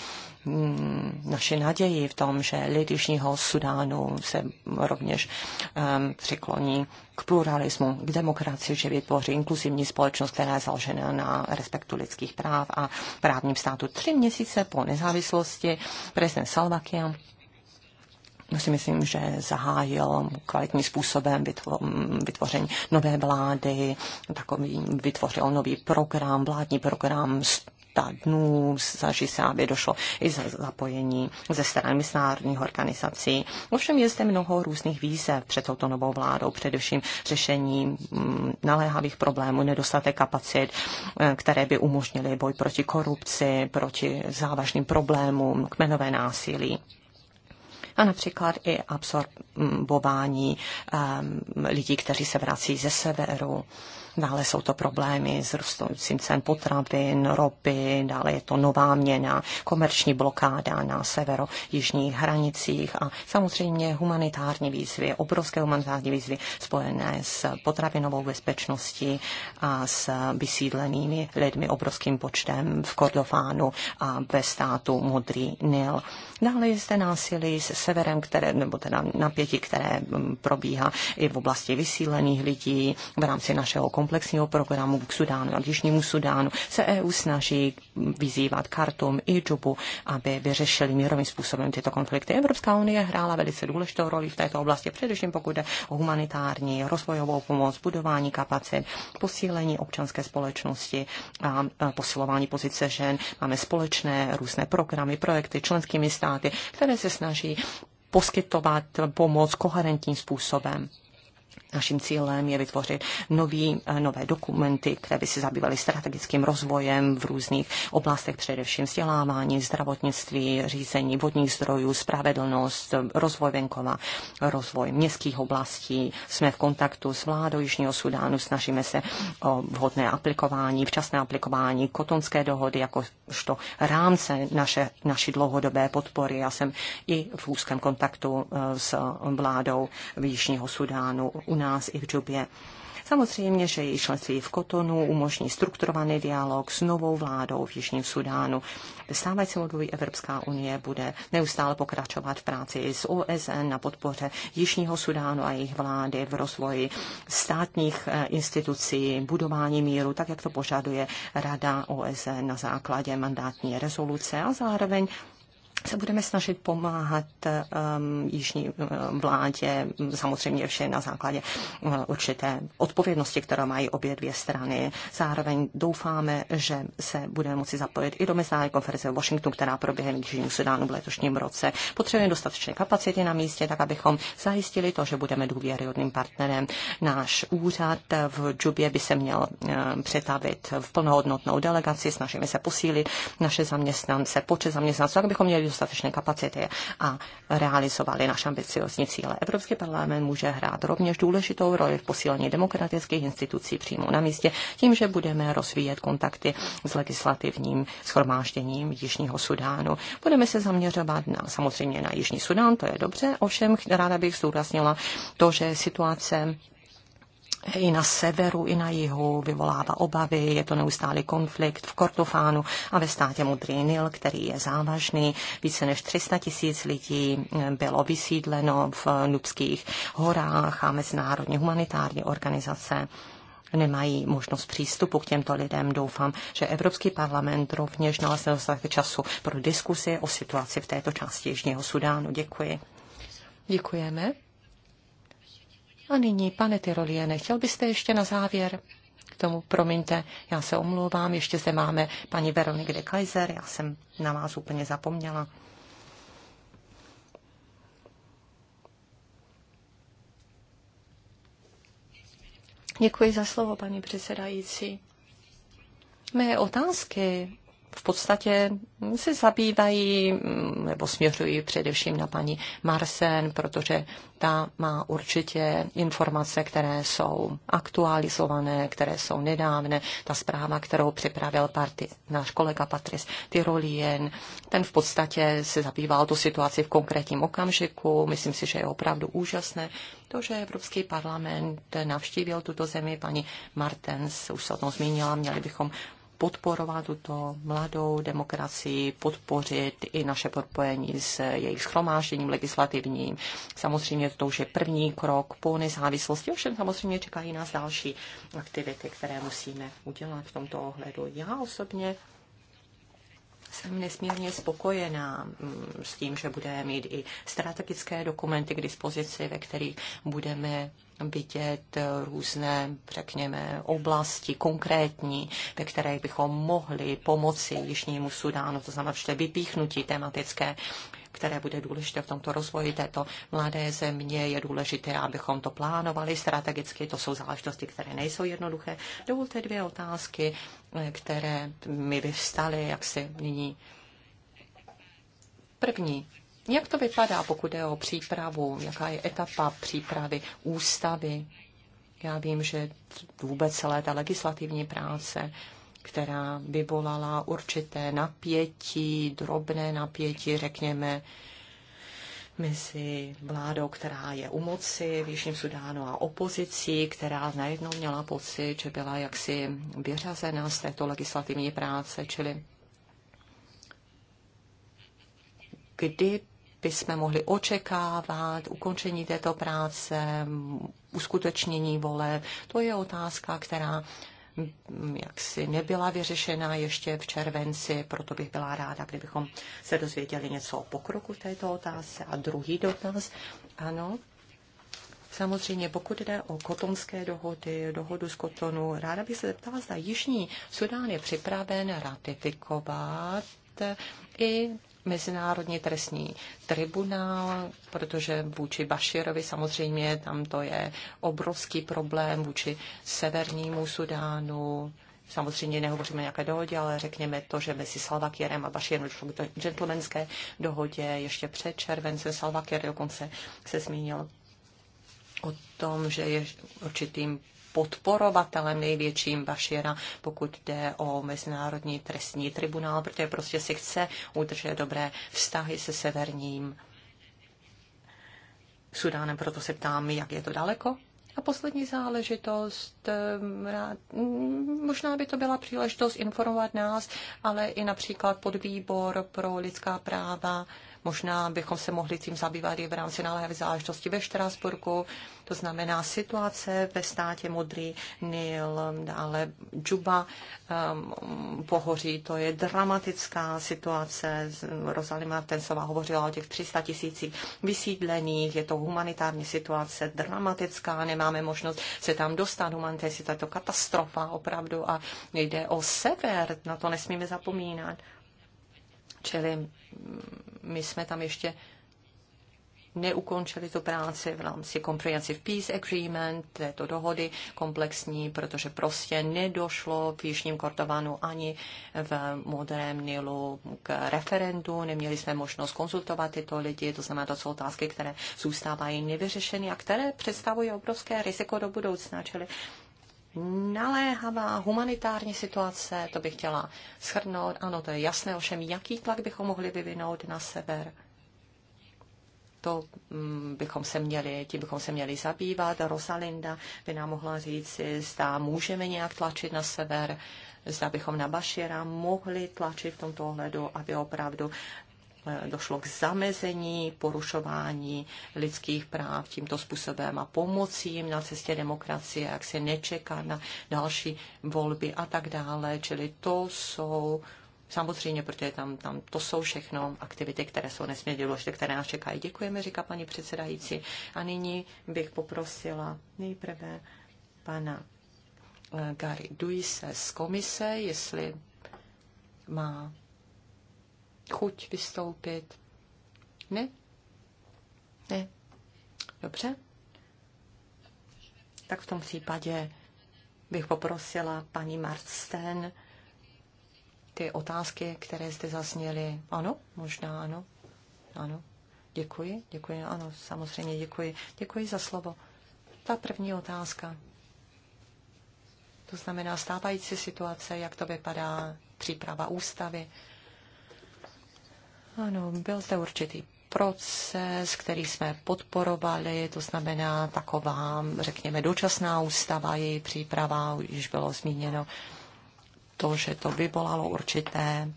mm, naši naději v tom, že lid Jižního Sudánu se rovněž um, přikloní k pluralismu, k demokracii, že vytvoří inkluzivní společnost, která je založena na respektu lidských práv a právním státu. Tři měsíce po nezávislosti prezident Salvakia si myslím, že zahájil kvalitním způsobem vytvo, vytvoření nové vlády, takový vytvořil nový program, vládní program ta dnů, zaží se, aby došlo i za zapojení ze strany mezinárodních organizací. Ovšem je zde mnoho různých výzev před touto novou vládou, především řešení mm, naléhavých problémů, nedostatek kapacit, eh, které by umožnily boj proti korupci, proti závažným problémům, kmenové násilí a například i absorbování um, lidí, kteří se vrací ze severu Dále jsou to problémy s rostoucím cen potravin, ropy, dále je to nová měna, komerční blokáda na severo-jižních hranicích a samozřejmě humanitární výzvy, obrovské humanitární výzvy spojené s potravinovou bezpečností a s vysídlenými lidmi obrovským počtem v Kordofánu a ve státu Modrý Nil. Dále je zde násilí s severem, které, nebo teda napětí, které mm, probíhá i v oblasti vysílených lidí v rámci našeho komplexního programu k Sudánu k Jižnímu Sudánu se EU snaží vyzývat Kartum i Džubu, aby vyřešili mírovým způsobem tyto konflikty. Evropská unie hrála velice důležitou roli v této oblasti, především pokud jde o humanitární, rozvojovou pomoc, budování kapacit, posílení občanské společnosti a posilování pozice žen. Máme společné různé programy, projekty členskými státy, které se snaží poskytovat pomoc koherentním způsobem. Naším cílem je vytvořit nový, eh, nové dokumenty, které by se zabývaly strategickým rozvojem v různých oblastech, především vzdělávání, zdravotnictví, řízení vodních zdrojů, spravedlnost, rozvoj venkova, rozvoj městských oblastí. Jsme v kontaktu s vládou Jižního Sudánu, snažíme se o vhodné aplikování, včasné aplikování kotonské dohody, jakožto rámce naše, naší dlouhodobé podpory. Já jsem i v úzkém kontaktu eh, s vládou Jižního Sudánu. U nás i v době. Samozřejmě, že její členství v Kotonu umožní strukturovaný dialog s novou vládou v Jižním Sudánu. Ve stávajícím období Evropská unie bude neustále pokračovat v práci s OSN na podpoře Jižního Sudánu a jejich vlády v rozvoji státních eh, institucí, budování míru, tak jak to požaduje Rada OSN na základě mandátní rezoluce a zároveň se budeme snažit pomáhat um, jižní um, vládě, um, samozřejmě vše na základě um, určité odpovědnosti, kterou mají obě dvě strany. Zároveň doufáme, že se budeme moci zapojit i do mezinárodní konference v Washingtonu, která proběhne v Jižním Sudánu v letošním roce. Potřebujeme dostatečné kapacity na místě, tak abychom zajistili to, že budeme důvěryhodným partnerem. Náš úřad v Džubě by se měl um, přetavit v plnohodnotnou delegaci. Snažíme se posílit naše zaměstnance, počet zaměstnanců, tak abychom měli dostatečné kapacity a realizovali naše ambiciozní cíle. Evropský parlament může hrát rovněž důležitou roli v posílení demokratických institucí přímo na místě, tím, že budeme rozvíjet kontakty s legislativním schromážděním Jižního Sudánu. Budeme se zaměřovat na, samozřejmě na Jižní Sudán, to je dobře, ovšem ráda bych zdůraznila to, že situace i na severu, i na jihu vyvolává obavy, je to neustálý konflikt v Kordofánu a ve státě Mudrý Nil, který je závažný. Více než 300 tisíc lidí eh, bylo vysídleno v Nubských horách a mezinárodní humanitární organizace nemají možnost přístupu k těmto lidem. Doufám, že Evropský parlament rovněž nalazne dostatek času pro diskusi o situaci v této části Jižního Sudánu. Děkuji. Děkujeme. A nyní, pane Tyroliene, chtěl byste ještě na závěr k tomu, promiňte, já se omlouvám, ještě zde máme paní Veroniky de Kaiser, já jsem na vás úplně zapomněla. Děkuji za slovo, paní předsedající. Mé otázky v podstatě se zabývají mm, nebo směřují především na paní Marsen, protože ta má určitě informace, které jsou aktualizované, které jsou nedávné. Ta zpráva, kterou připravil party, náš kolega Patrice Tyrolien, ten v podstatě se zabýval tu situaci v konkrétním okamžiku. Myslím si, že je opravdu úžasné, to, že Evropský parlament navštívil tuto zemi, paní Martens už se o tom zmínila, měli bychom podporovat tuto mladou demokracii, podpořit i naše podpojení s jejich schromážděním legislativním. Samozřejmě to už je první krok po nezávislosti, ovšem samozřejmě čekají nás další aktivity, které musíme udělat v tomto ohledu. Já osobně jsem nesmírně spokojená mm, s tím, že budeme mít i strategické dokumenty k dispozici, ve kterých budeme vidět různé, řekněme, oblasti konkrétní, ve kterých bychom mohli pomoci Jižnímu Sudánu, to znamená vše vypíchnutí tematické které bude důležité v tomto rozvoji této mladé země. Je důležité, abychom to plánovali strategicky. To jsou záležitosti, které nejsou jednoduché. Dovolte dvě otázky, které mi vyvstaly, jak se nyní. První jak to vypadá, pokud je o přípravu? Jaká je etapa přípravy ústavy? Já vím, že vůbec celé ta legislativní práce, která vyvolala určité napětí, drobné napětí, řekněme, mezi vládou, která je u moci v Jižním Sudánu a opozicí, která najednou měla pocit, že byla jaksi vyřazena z této legislativní práce, čili kdy bychom mohli očekávat ukončení této práce, uskutečnění vole. To je otázka, která mm, jaksi nebyla vyřešena ještě v červenci, proto bych byla ráda, kdybychom se dozvěděli něco o pokroku této otázce. A druhý dotaz, ano, Samozřejmě, pokud jde o kotonské dohody, dohodu z kotonu, ráda bych se zeptala, zda Jižní Sudán je připraven ratifikovat i Mezinárodní trestní tribunál, protože vůči Baširovi samozřejmě tam to je obrovský problém, vůči severnímu Sudánu, Samozřejmě nehovoříme nějaké dohodě, ale řekněme to, že mezi Salvakierem a Baširem došlo k gentlemanské dohodě ještě před červencem. Salvakier dokonce se zmínil o tom, že je určitým podporovatelem největším Bašira, pokud jde o Mezinárodní trestní tribunál, protože prostě si chce udržet dobré vztahy se severním Sudánem, proto se ptám, jak je to daleko. A poslední záležitost, ehm, mm, možná by to byla příležitost informovat nás, ale i například podvýbor pro lidská práva Možná bychom se mohli tím zabývat i v rámci naléhavé záležitosti ve Štrásburku, to znamená situace ve státě Modrý Nil, dále Džuba, um, pohoří, to je dramatická situace. Rozali Tensová hovořila o těch 300 tisících vysídlených, je to humanitární situace dramatická, nemáme možnost se tam dostat, humanitární situace, to katastrofa opravdu a jde o sever, na to nesmíme zapomínat. Čili mm, my jsme tam ještě neukončili tu práci v rámci Comprehensive Peace Agreement, této dohody komplexní, protože prostě nedošlo v Jižním Kordovanu ani v Modrém Nilu k referendu, neměli jsme možnost konzultovat tyto lidi, to znamená, to jsou otázky, které zůstávají nevyřešeny a které představují obrovské riziko do budoucna, čili naléhavá humanitární situace, to bych chtěla shrnout. Ano, to je jasné, ovšem jaký tlak bychom mohli vyvinout na sever? To mm, bychom se měli, ti bychom se měli zabývat. Rosalinda by nám mohla říci, zda můžeme nějak tlačit na sever, zda bychom na Bašira mohli tlačit v tomto ohledu, aby opravdu Eh, došlo k zamezení porušování lidských práv tímto způsobem a pomocí jim na cestě demokracie, jak se nečeká na další volby a tak dále. Čili to jsou Samozřejmě, protože tam, tam to jsou všechno aktivity, které jsou nesmírně důležité, které nás čekají. Děkujeme, říká paní předsedající. A nyní bych poprosila nejprve pana eh, Gary Duise z komise, jestli má chuť vystoupit? Ne? Ne. Dobře. Tak v tom případě bych poprosila paní Marsten ty otázky, které zde zazněly. Ano, možná ano. Ano. Děkuji, děkuji, ano, samozřejmě děkuji. Děkuji za slovo. Ta první otázka. To znamená stávající situace, jak to vypadá, příprava ústavy. Ano, byl to určitý proces, který jsme podporovali, to znamená taková, řekněme, dočasná ústava, její příprava, už bylo zmíněno to, že to vyvolalo určité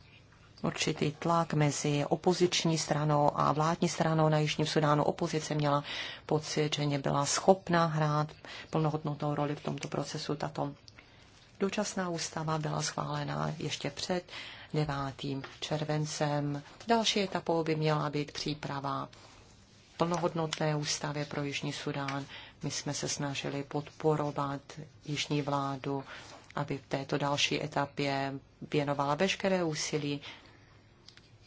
určitý tlak mezi opoziční stranou a vládní stranou na Jižním Sudánu. Opozice měla pocit, že nebyla schopná hrát plnohodnotnou roli v tomto procesu. Tato dočasná ústava byla schválena ještě před 9. červencem. Další etapou by měla být příprava plnohodnotné ústavy pro Jižní Sudán. My jsme se snažili podporovat jižní vládu, aby v této další etapě věnovala veškeré úsilí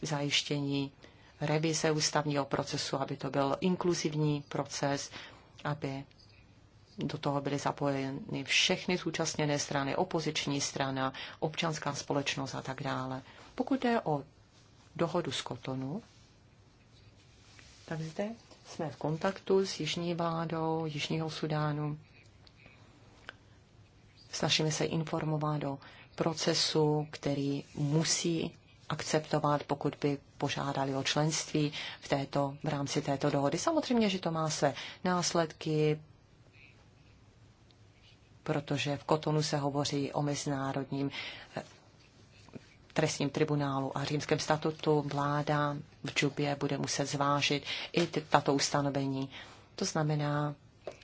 zajištění revize ústavního procesu, aby to byl inkluzivní proces, aby do toho byly zapojeny všechny zúčastněné strany, opoziční strana, občanská společnost a tak dále. Pokud jde o dohodu z Kotonu, tak zde jsme v kontaktu s jižní vládou Jižního Sudánu. Snažíme se informovat o procesu, který musí akceptovat, pokud by požádali o členství v, této, v rámci této dohody. Samozřejmě, že to má své následky, protože v Kotonu se hovoří o mezinárodním eh, trestním tribunálu a římském statutu vláda v Džubě bude muset zvážit i tato ustanovení. To znamená,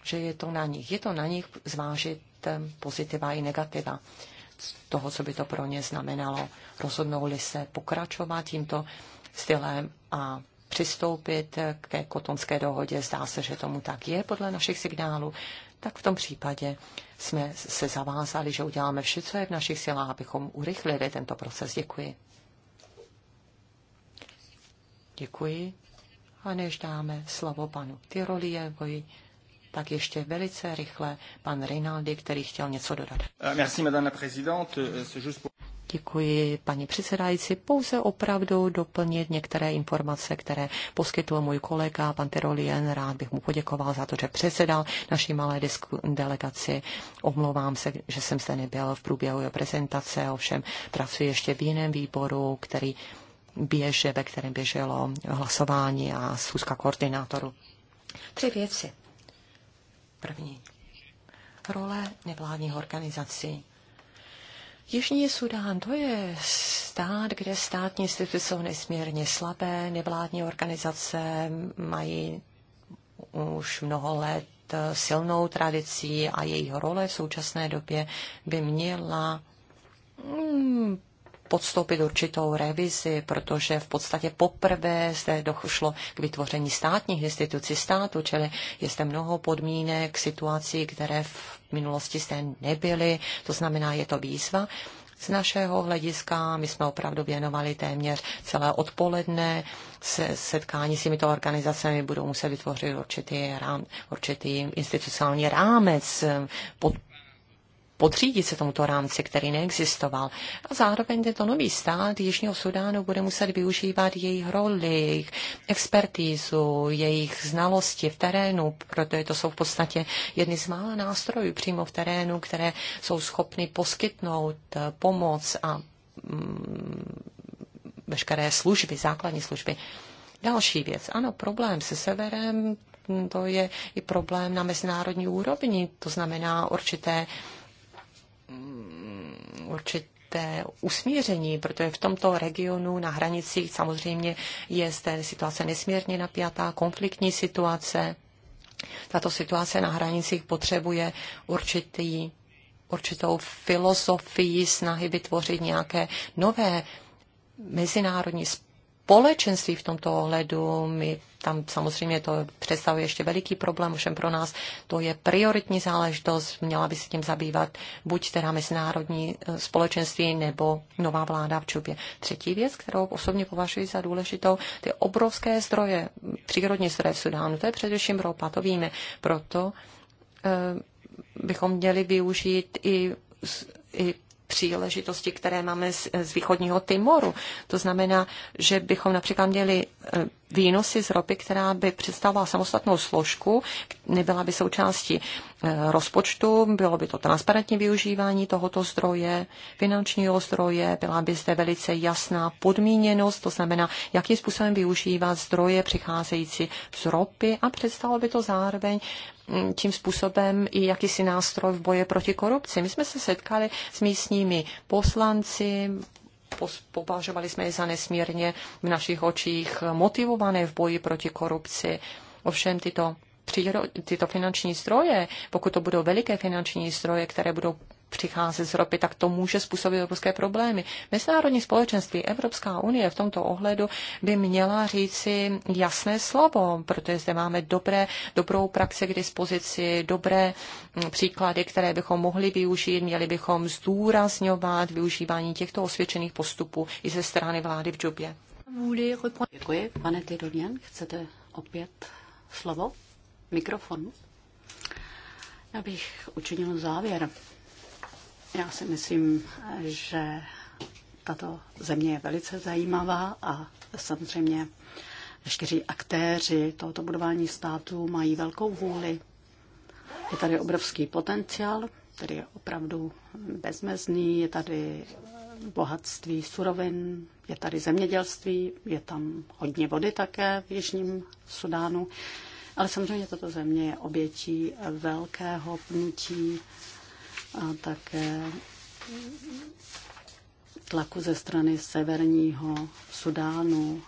že je to na nich. Je to na nich zvážit eh, pozitiva i negativa toho, co by to pro ně znamenalo. Rozhodnou-li se pokračovat tímto stylem a přistoupit eh, ke kotonské dohodě. Zdá se, že tomu tak je podle našich signálů tak v tom případě jsme se zavázali, že uděláme vše, co je v našich silách, abychom urychlili tento proces. Děkuji. Děkuji. A než dáme slovo panu Tyrolievovi, tak ještě velice rychle pan Rinaldi, který chtěl něco dodat. Euh, merci, madame la présidente. Euh, Děkuji, paní předsedající. Pouze opravdu doplnit některé informace, které poskytl můj kolega, pan Tyrolien. Rád bych mu poděkoval za to, že předsedal naší malé delegaci. Omlouvám se, že jsem zde nebyl v průběhu jeho prezentace, ovšem pracuji ještě v jiném výboru, který běže, ve kterém běželo hlasování a schůzka koordinátoru. Tři věci. První. Role nevládních organizací Jižní Sudán to je stát, kde státní instituce jsou nesmírně slabé, nevládní organizace mají už mnoho let eh, silnou tradicí a jejich role v současné době by měla mm, podstoupit určitou revizi, protože v podstatě poprvé zde došlo k vytvoření státních institucí státu, čili je zde mnoho podmínek, situací, které v minulosti zde nebyly, to znamená, je to výzva. Z našeho hlediska my jsme opravdu věnovali téměř celé odpoledne se setkání s těmito organizacemi budou muset vytvořit určitý, rám, určitý institucionální rámec, eh, pod, podřídit se tomuto rámci, který neexistoval. A zároveň tento nový stát Jižního Sudánu bude muset využívat jejich roli, jejich expertízu, jejich znalosti v terénu, protože to jsou v podstatě jedny z mála nástrojů přímo v terénu, které jsou schopny poskytnout eh, pomoc a mm, veškeré služby, základní služby. Další věc. Ano, problém se severem, to je i problém na mezinárodní úrovni, to znamená určité určité usmíření, protože v tomto regionu na hranicích samozřejmě je zde situace nesmírně napjatá, konfliktní situace. Tato situace na hranicích potřebuje určitý, určitou filozofii snahy vytvořit nějaké nové mezinárodní společenství v tomto ohledu. My tam samozřejmě to představuje ještě veliký problém, všem pro nás to je prioritní záležitost, měla by se tím zabývat buď teda mezinárodní eh, společenství nebo nová vláda v Čubě. Třetí věc, kterou osobně považuji za důležitou, ty obrovské zdroje, přírodní zdroje v Sudánu, to je především ropa, to víme. Proto eh, bychom měli využít i, i příležitosti, které máme z, z východního Timoru. To znamená, že bychom například měli e, výnosy z ropy, která by představovala samostatnou složku, nebyla by součástí e, rozpočtu, bylo by to transparentní využívání tohoto zdroje, finančního zdroje, byla by zde velice jasná podmíněnost, to znamená, jakým způsobem využívat zdroje přicházející z ropy a představilo by to zároveň Mm, tím způsobem i jakýsi nástroj v boji proti korupci. My jsme se setkali s místními poslanci, považovali jsme je za nesmírně v našich očích motivované v boji proti korupci. Ovšem tyto tyto finanční stroje, pokud to budou veliké finanční stroje, které budou přichází z ropy, tak to může způsobit obrovské problémy. Mezinárodní společenství Evropská unie v tomto ohledu by měla říci jasné slovo, protože zde máme dobré, dobrou praxi k dispozici, dobré mm, příklady, které bychom mohli využít, měli bychom zdůrazňovat využívání těchto osvědčených postupů i ze strany vlády v Džubě. Děkuji. Pane Tyrolian, chcete opět slovo? Mikrofon? Já bych učinil závěr. Já si myslím, že tato země je velice zajímavá a samozřejmě veškeří aktéři tohoto budování státu mají velkou vůli. Je tady obrovský potenciál, který je opravdu bezmezný, je tady bohatství surovin, je tady zemědělství, je tam hodně vody také v Jižním Sudánu. Ale samozřejmě tato země je obětí velkého pnutí a také tlaku ze strany severního Sudánu,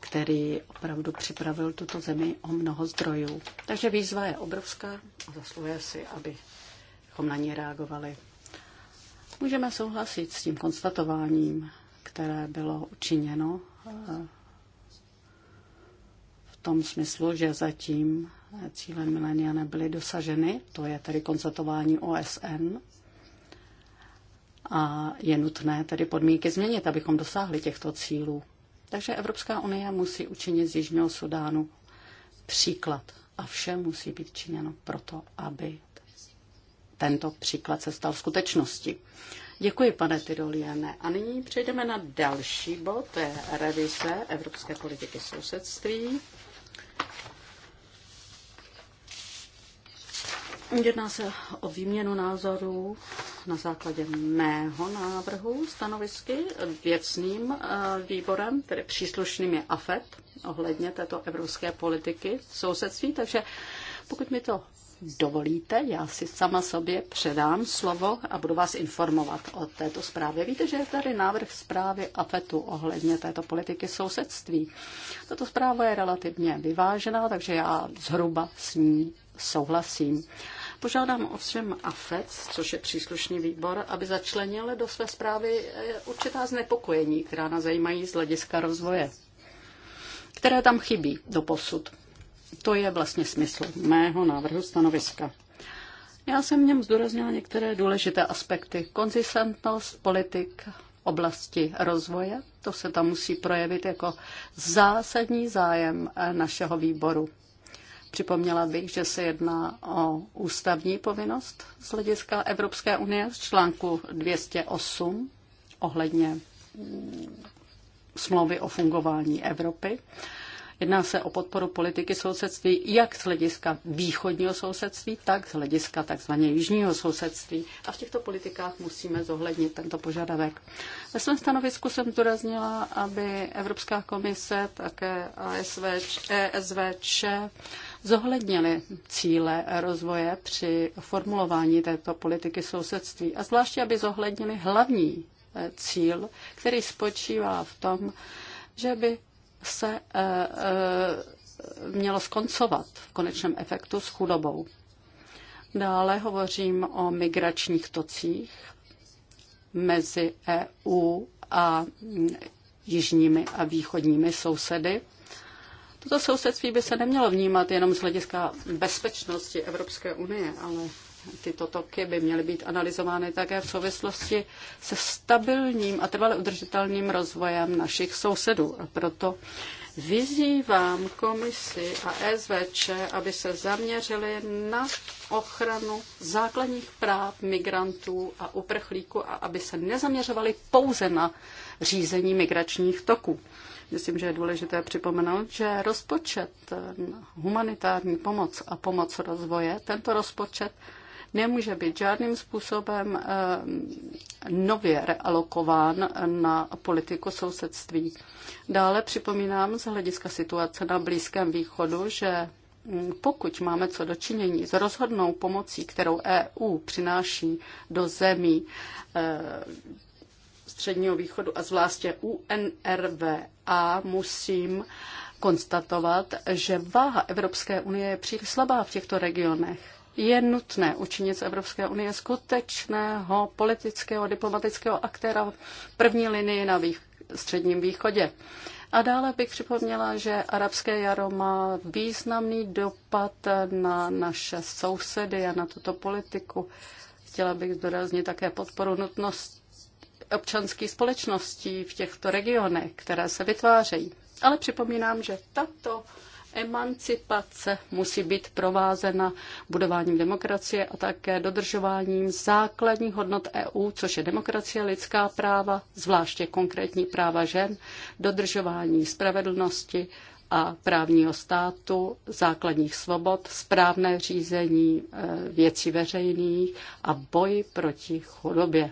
který opravdu připravil tuto zemi o mnoho zdrojů. Takže výzva je obrovská a zasluje si, abychom na ní reagovali. Můžeme souhlasit s tím konstatováním, které bylo učiněno eh, v tom smyslu, že zatím cíle milenia nebyly dosaženy, to je tedy konstatování OSN. A je nutné tedy podmínky změnit, abychom dosáhli těchto cílů. Takže Evropská unie musí učinit z Jižního Sudánu příklad a vše musí být činěno proto, aby tento příklad se stal skutečností. Děkuji, pane Tyroliene. A nyní přejdeme na další bod, to je revize Evropské politiky sousedství. Jedná se o výměnu názorů na základě mého návrhu stanovisky věcným eh, výborem, tedy příslušným je AFET ohledně této evropské politiky sousedství. Takže pokud mi to dovolíte, já si sama sobě předám slovo a budu vás informovat o této zprávě. Víte, že je tady návrh zprávy AFETu ohledně této politiky sousedství. Tato zpráva je relativně vyvážená, takže já zhruba s ní souhlasím. Požádám ovšem AFEC, což je příslušný výbor, aby začlenil do své zprávy eh, určitá znepokojení, která nás zajímají z hlediska rozvoje, které tam chybí do posud. To je vlastně smysl mého návrhu stanoviska. Já jsem v něm zdůraznila některé důležité aspekty. Konzistentnost politik oblasti rozvoje. To se tam musí projevit jako zásadní zájem eh, našeho výboru. Připomněla bych, že se jedná o ústavní povinnost z hlediska Evropské unie z článku 208 ohledně mm, smlouvy o fungování Evropy. Jedná se o podporu politiky sousedství jak z hlediska východního sousedství, tak z hlediska tzv. jižního sousedství. A v těchto politikách musíme zohlednit tento požadavek. Ve svém stanovisku jsem zdůraznila, aby Evropská komise, také ASVČ, ESVČ zohlednili cíle rozvoje při formulování této politiky sousedství a zvláště, aby zohlednili hlavní eh, cíl, který spočívá v tom, že by se eh, eh, mělo skoncovat v konečném efektu s chudobou. Dále hovořím o migračních tocích mezi EU a mm, jižními a východními sousedy. Toto sousedství by se nemělo vnímat jenom z hlediska bezpečnosti Evropské unie, ale tyto toky by měly být analyzovány také v souvislosti se stabilním a trvale udržitelným rozvojem našich sousedů. A proto vyzývám komisi a SVČ, aby se zaměřili na ochranu základních práv migrantů a uprchlíků a aby se nezaměřovali pouze na řízení migračních toků. Myslím, že je důležité připomenout, že rozpočet eh, humanitární pomoc a pomoc rozvoje, tento rozpočet nemůže být žádným způsobem eh, nově realokován na politiku sousedství. Dále připomínám z hlediska situace na Blízkém východu, že hm, pokud máme co dočinění s rozhodnou pomocí, kterou EU přináší do zemí, eh, středního východu a zvláště UNRVA musím konstatovat, že váha Evropské unie je příliš slabá v těchto regionech. Je nutné učinit z Evropské unie skutečného politického a diplomatického aktéra v první linii na vých- středním východě. A dále bych připomněla, že arabské jaro má významný dopad na naše sousedy a na tuto politiku. Chtěla bych zdůraznit také podporu nutnost občanských společností v těchto regionech, které se vytvářejí. Ale připomínám, že tato emancipace musí být provázena budováním demokracie a také dodržováním základních hodnot EU, což je demokracie, lidská práva, zvláště konkrétní práva žen, dodržování spravedlnosti a právního státu, základních svobod, správné řízení eh, věcí veřejných a boj proti chudobě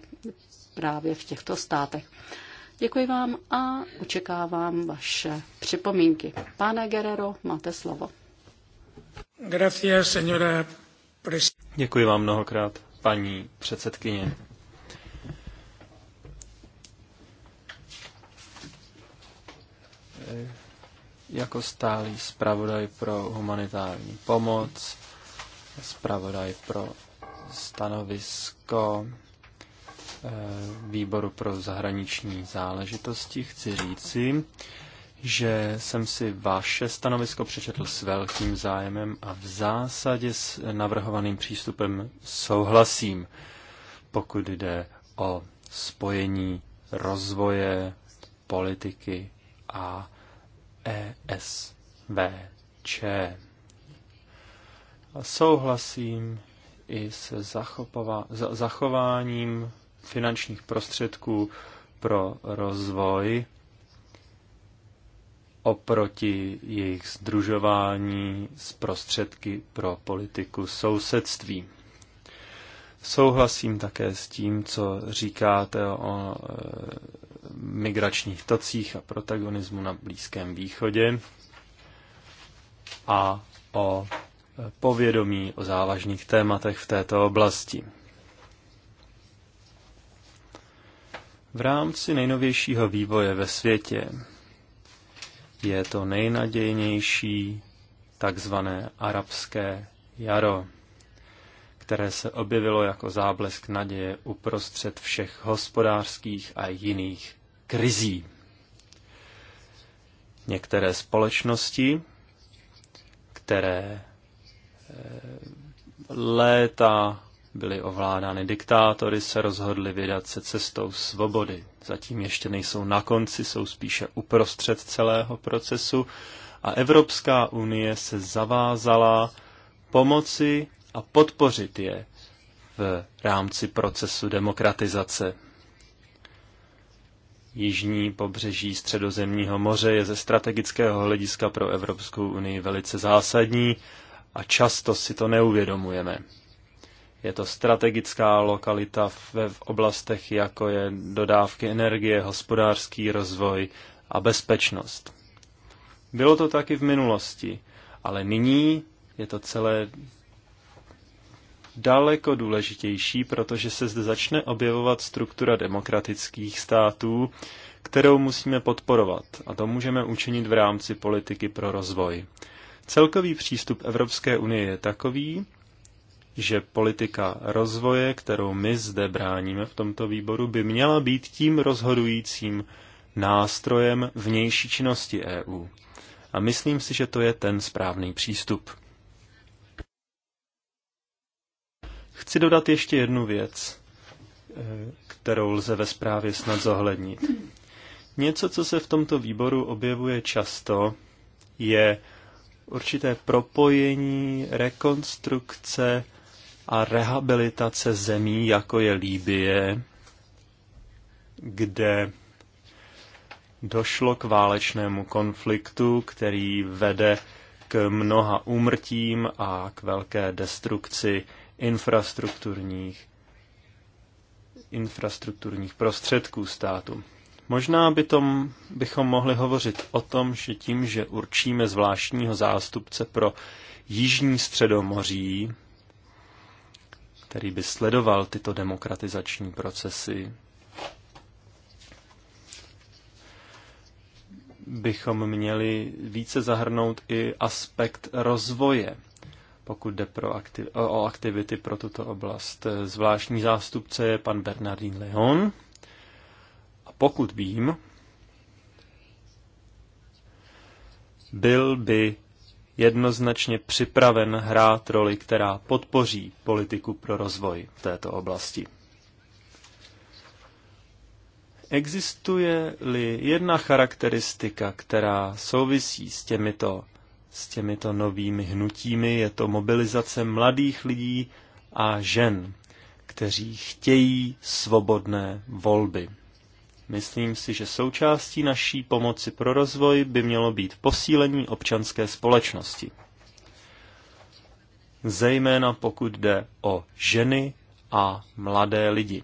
právě v těchto státech. Děkuji vám a očekávám vaše připomínky. Pane Guerrero, máte slovo. Děkuji vám mnohokrát, paní předsedkyně. Jako stálý zpravodaj pro humanitární pomoc, zpravodaj pro stanovisko Eh, výboru pro zahraniční záležitosti chci říci, že jsem si vaše stanovisko přečetl s velkým zájemem a v zásadě s navrhovaným přístupem souhlasím, pokud jde o spojení rozvoje, politiky a ESVČ. A souhlasím i se zachováním finančních prostředků pro rozvoj oproti jejich združování s prostředky pro politiku sousedství. Souhlasím také s tím, co říkáte o e, migračních tocích a protagonismu na Blízkém východě a o e, povědomí o závažných tématech v této oblasti. V rámci nejnovějšího vývoje ve světě je to nejnadějnější takzvané arabské jaro, které se objevilo jako záblesk naděje uprostřed všech hospodářských a jiných krizí. Některé společnosti, které eh, léta byly ovládány diktátory, se rozhodli vydat se cestou svobody. Zatím ještě nejsou na konci, jsou spíše uprostřed celého procesu a Evropská unie se zavázala pomoci a podpořit je v rámci procesu demokratizace. Jižní pobřeží Středozemního moře je ze strategického hlediska pro Evropskou unii velice zásadní a často si to neuvědomujeme. Je to strategická lokalita ve v oblastech, jako je dodávky energie, hospodářský rozvoj a bezpečnost. Bylo to taky v minulosti, ale nyní je to celé daleko důležitější, protože se zde začne objevovat struktura demokratických států, kterou musíme podporovat a to můžeme učinit v rámci politiky pro rozvoj. Celkový přístup Evropské unie je takový, že politika rozvoje, kterou my zde bráníme v tomto výboru, by měla být tím rozhodujícím nástrojem vnější činnosti EU. A myslím si, že to je ten správný přístup. Chci dodat ještě jednu věc, eh, kterou lze ve zprávě snad zohlednit. Něco, co se v tomto výboru objevuje často, je určité propojení, rekonstrukce a rehabilitace zemí, jako je Líbie, kde došlo k válečnému konfliktu, který vede k mnoha úmrtím a k velké destrukci infrastrukturních, infrastrukturních prostředků státu. Možná by tom, bychom mohli hovořit o tom, že tím, že určíme zvláštního zástupce pro Jižní středomoří, který by sledoval tyto demokratizační procesy, bychom měli více zahrnout i aspekt rozvoje, pokud jde pro aktiv- o aktivity pro tuto oblast. Zvláštní zástupce je pan Bernardín Leon. A pokud vím, byl by jednoznačně připraven hrát roli, která podpoří politiku pro rozvoj této oblasti. Existuje-li jedna charakteristika, která souvisí s těmito, s těmito novými hnutími, je to mobilizace mladých lidí a žen, kteří chtějí svobodné volby. Myslím si, že součástí naší pomoci pro rozvoj by mělo být posílení občanské společnosti. Zejména pokud jde o ženy a mladé lidi.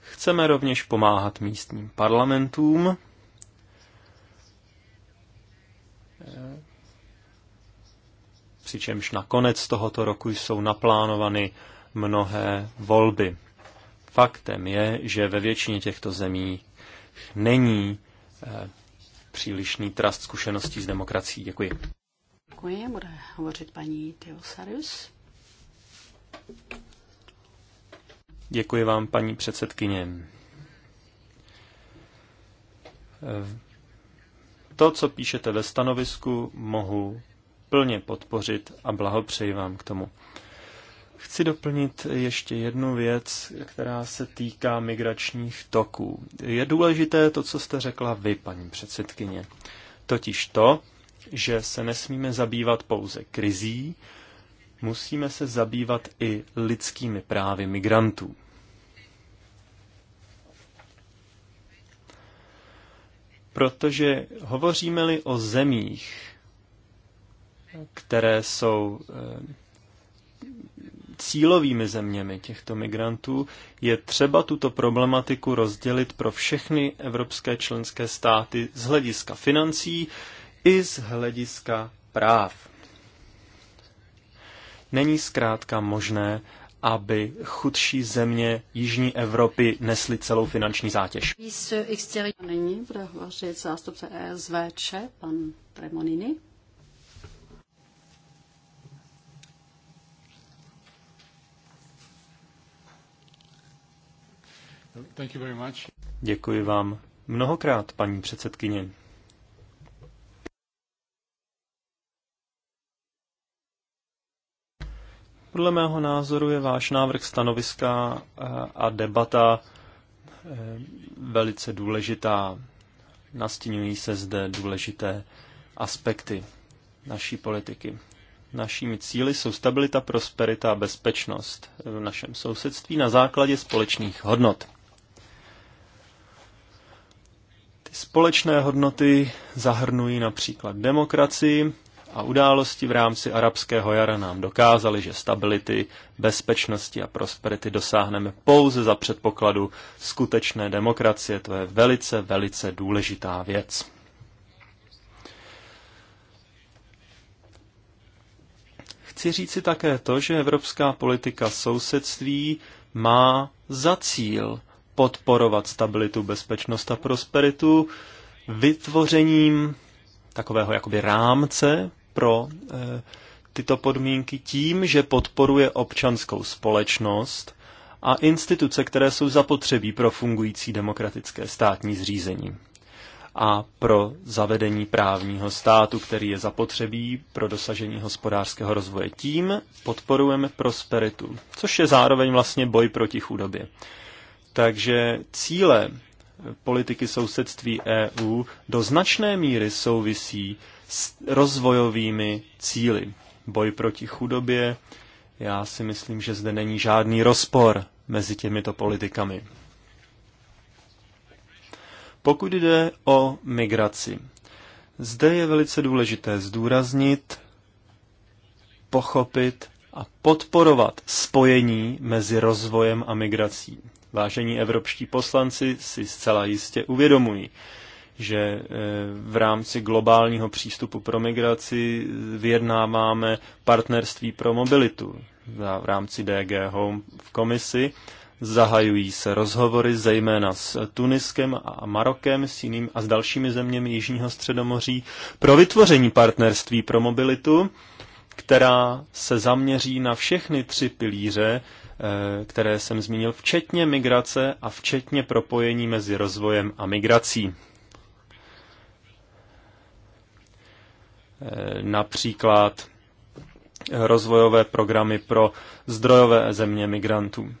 Chceme rovněž pomáhat místním parlamentům, přičemž na konec tohoto roku jsou naplánovány mnohé volby. Faktem je, že ve většině těchto zemí není eh, přílišný trast zkušeností s demokracií. Děkuji. Děkuji. Bude hovořit paní Teosarius. Děkuji vám, paní předsedkyně. Eh, to, co píšete ve stanovisku, mohu plně podpořit a blahopřeji vám k tomu. Chci doplnit ještě jednu věc, která se týká migračních toků. Je důležité to, co jste řekla vy, paní předsedkyně. Totiž to, že se nesmíme zabývat pouze krizí, musíme se zabývat i lidskými právy migrantů. Protože hovoříme-li o zemích, které jsou eh, cílovými zeměmi těchto migrantů, je třeba tuto problematiku rozdělit pro všechny evropské členské státy z hlediska financí i z hlediska práv. Není zkrátka možné, aby chudší země Jižní Evropy nesly celou finanční zátěž. Nyní bude hovořit zástupce ESVČ, pan Tremonini. Děkuji vám mnohokrát, paní předsedkyně. Podle mého názoru je váš návrh stanoviska eh, a debata eh, velice důležitá. Nastínují se zde důležité aspekty naší politiky. Našími cíly jsou stabilita, prosperita a bezpečnost v našem sousedství na základě společných hodnot. Společné hodnoty zahrnují například demokracii a události v rámci arabského jara nám dokázaly, že stability, bezpečnosti a prosperity dosáhneme pouze za předpokladu skutečné demokracie. To je velice, velice důležitá věc. Chci říci také to, že evropská politika sousedství má za cíl podporovat stabilitu, bezpečnost a prosperitu vytvořením takového jakoby rámce pro e, tyto podmínky tím, že podporuje občanskou společnost a instituce, které jsou zapotřebí pro fungující demokratické státní zřízení a pro zavedení právního státu, který je zapotřebí pro dosažení hospodářského rozvoje. Tím podporujeme prosperitu, což je zároveň vlastně boj proti chudobě. Takže cíle politiky sousedství EU do značné míry souvisí s rozvojovými cíly. Boj proti chudobě, já si myslím, že zde není žádný rozpor mezi těmito politikami. Pokud jde o migraci, zde je velice důležité zdůraznit, pochopit a podporovat spojení mezi rozvojem a migrací. Vážení evropští poslanci si zcela jistě uvědomují, že eh, v rámci globálního přístupu pro migraci vyjednáváme partnerství pro mobilitu v rámci DG Home v komisi. Zahajují se rozhovory zejména s Tuniskem a Marokem, s jiným a s dalšími zeměmi Jižního středomoří pro vytvoření partnerství pro mobilitu, která se zaměří na všechny tři pilíře Eh, které jsem zmínil, včetně migrace a včetně propojení mezi rozvojem a migrací. Eh, například rozvojové programy pro zdrojové země migrantů.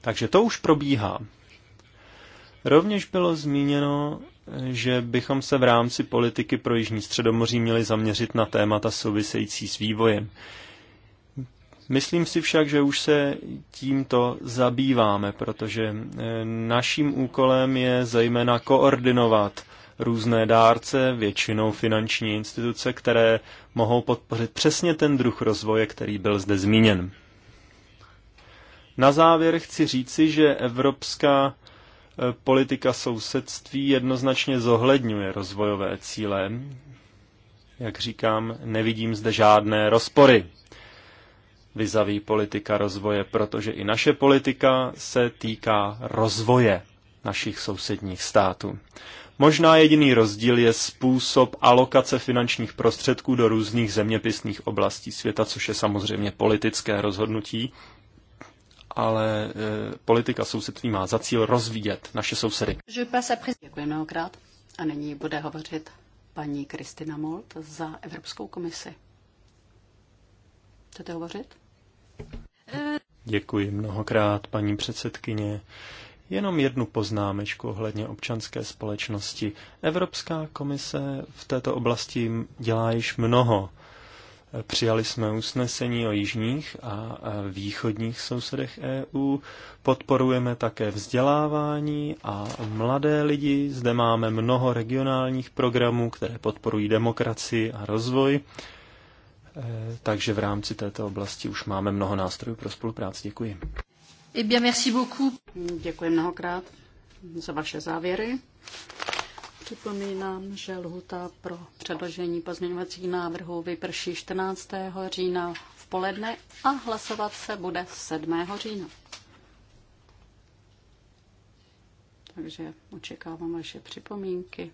Takže to už probíhá. Rovněž bylo zmíněno, že bychom se v rámci politiky pro Jižní středomoří měli zaměřit na témata související s vývojem. Myslím si však, že už se tímto zabýváme, protože eh, naším úkolem je zejména koordinovat různé dárce, většinou finanční instituce, které mohou podpořit přesně ten druh rozvoje, který byl zde zmíněn. Na závěr chci říci, že evropská eh, politika sousedství jednoznačně zohledňuje rozvojové cíle. Jak říkám, nevidím zde žádné rozpory vizaví politika rozvoje, protože i naše politika se týká rozvoje našich sousedních států. Možná jediný rozdíl je způsob alokace finančních prostředků do různých zeměpisných oblastí světa, což je samozřejmě politické rozhodnutí, ale e, politika sousedství má za cíl rozvíjet naše sousedy. Děkuji mnohokrát a nyní bude hovořit paní Kristina Molt za Evropskou komisi. Chcete hovořit? Děkuji mnohokrát, paní předsedkyně. Jenom jednu poznámečku ohledně občanské společnosti. Evropská komise v této oblasti dělá již mnoho. Přijali jsme usnesení o jižních a východních sousedech EU, podporujeme také vzdělávání a mladé lidi. Zde máme mnoho regionálních programů, které podporují demokracii a rozvoj. Eh, takže v rámci této oblasti už máme mnoho nástrojů pro spolupráci. Děkuji. Eh bien, merci beaucoup. Děkuji mnohokrát za vaše závěry. Připomínám, že lhuta pro předložení pozměňovacích návrhů vyprší 14. října v poledne a hlasovat se bude 7. října. Takže očekávám vaše připomínky.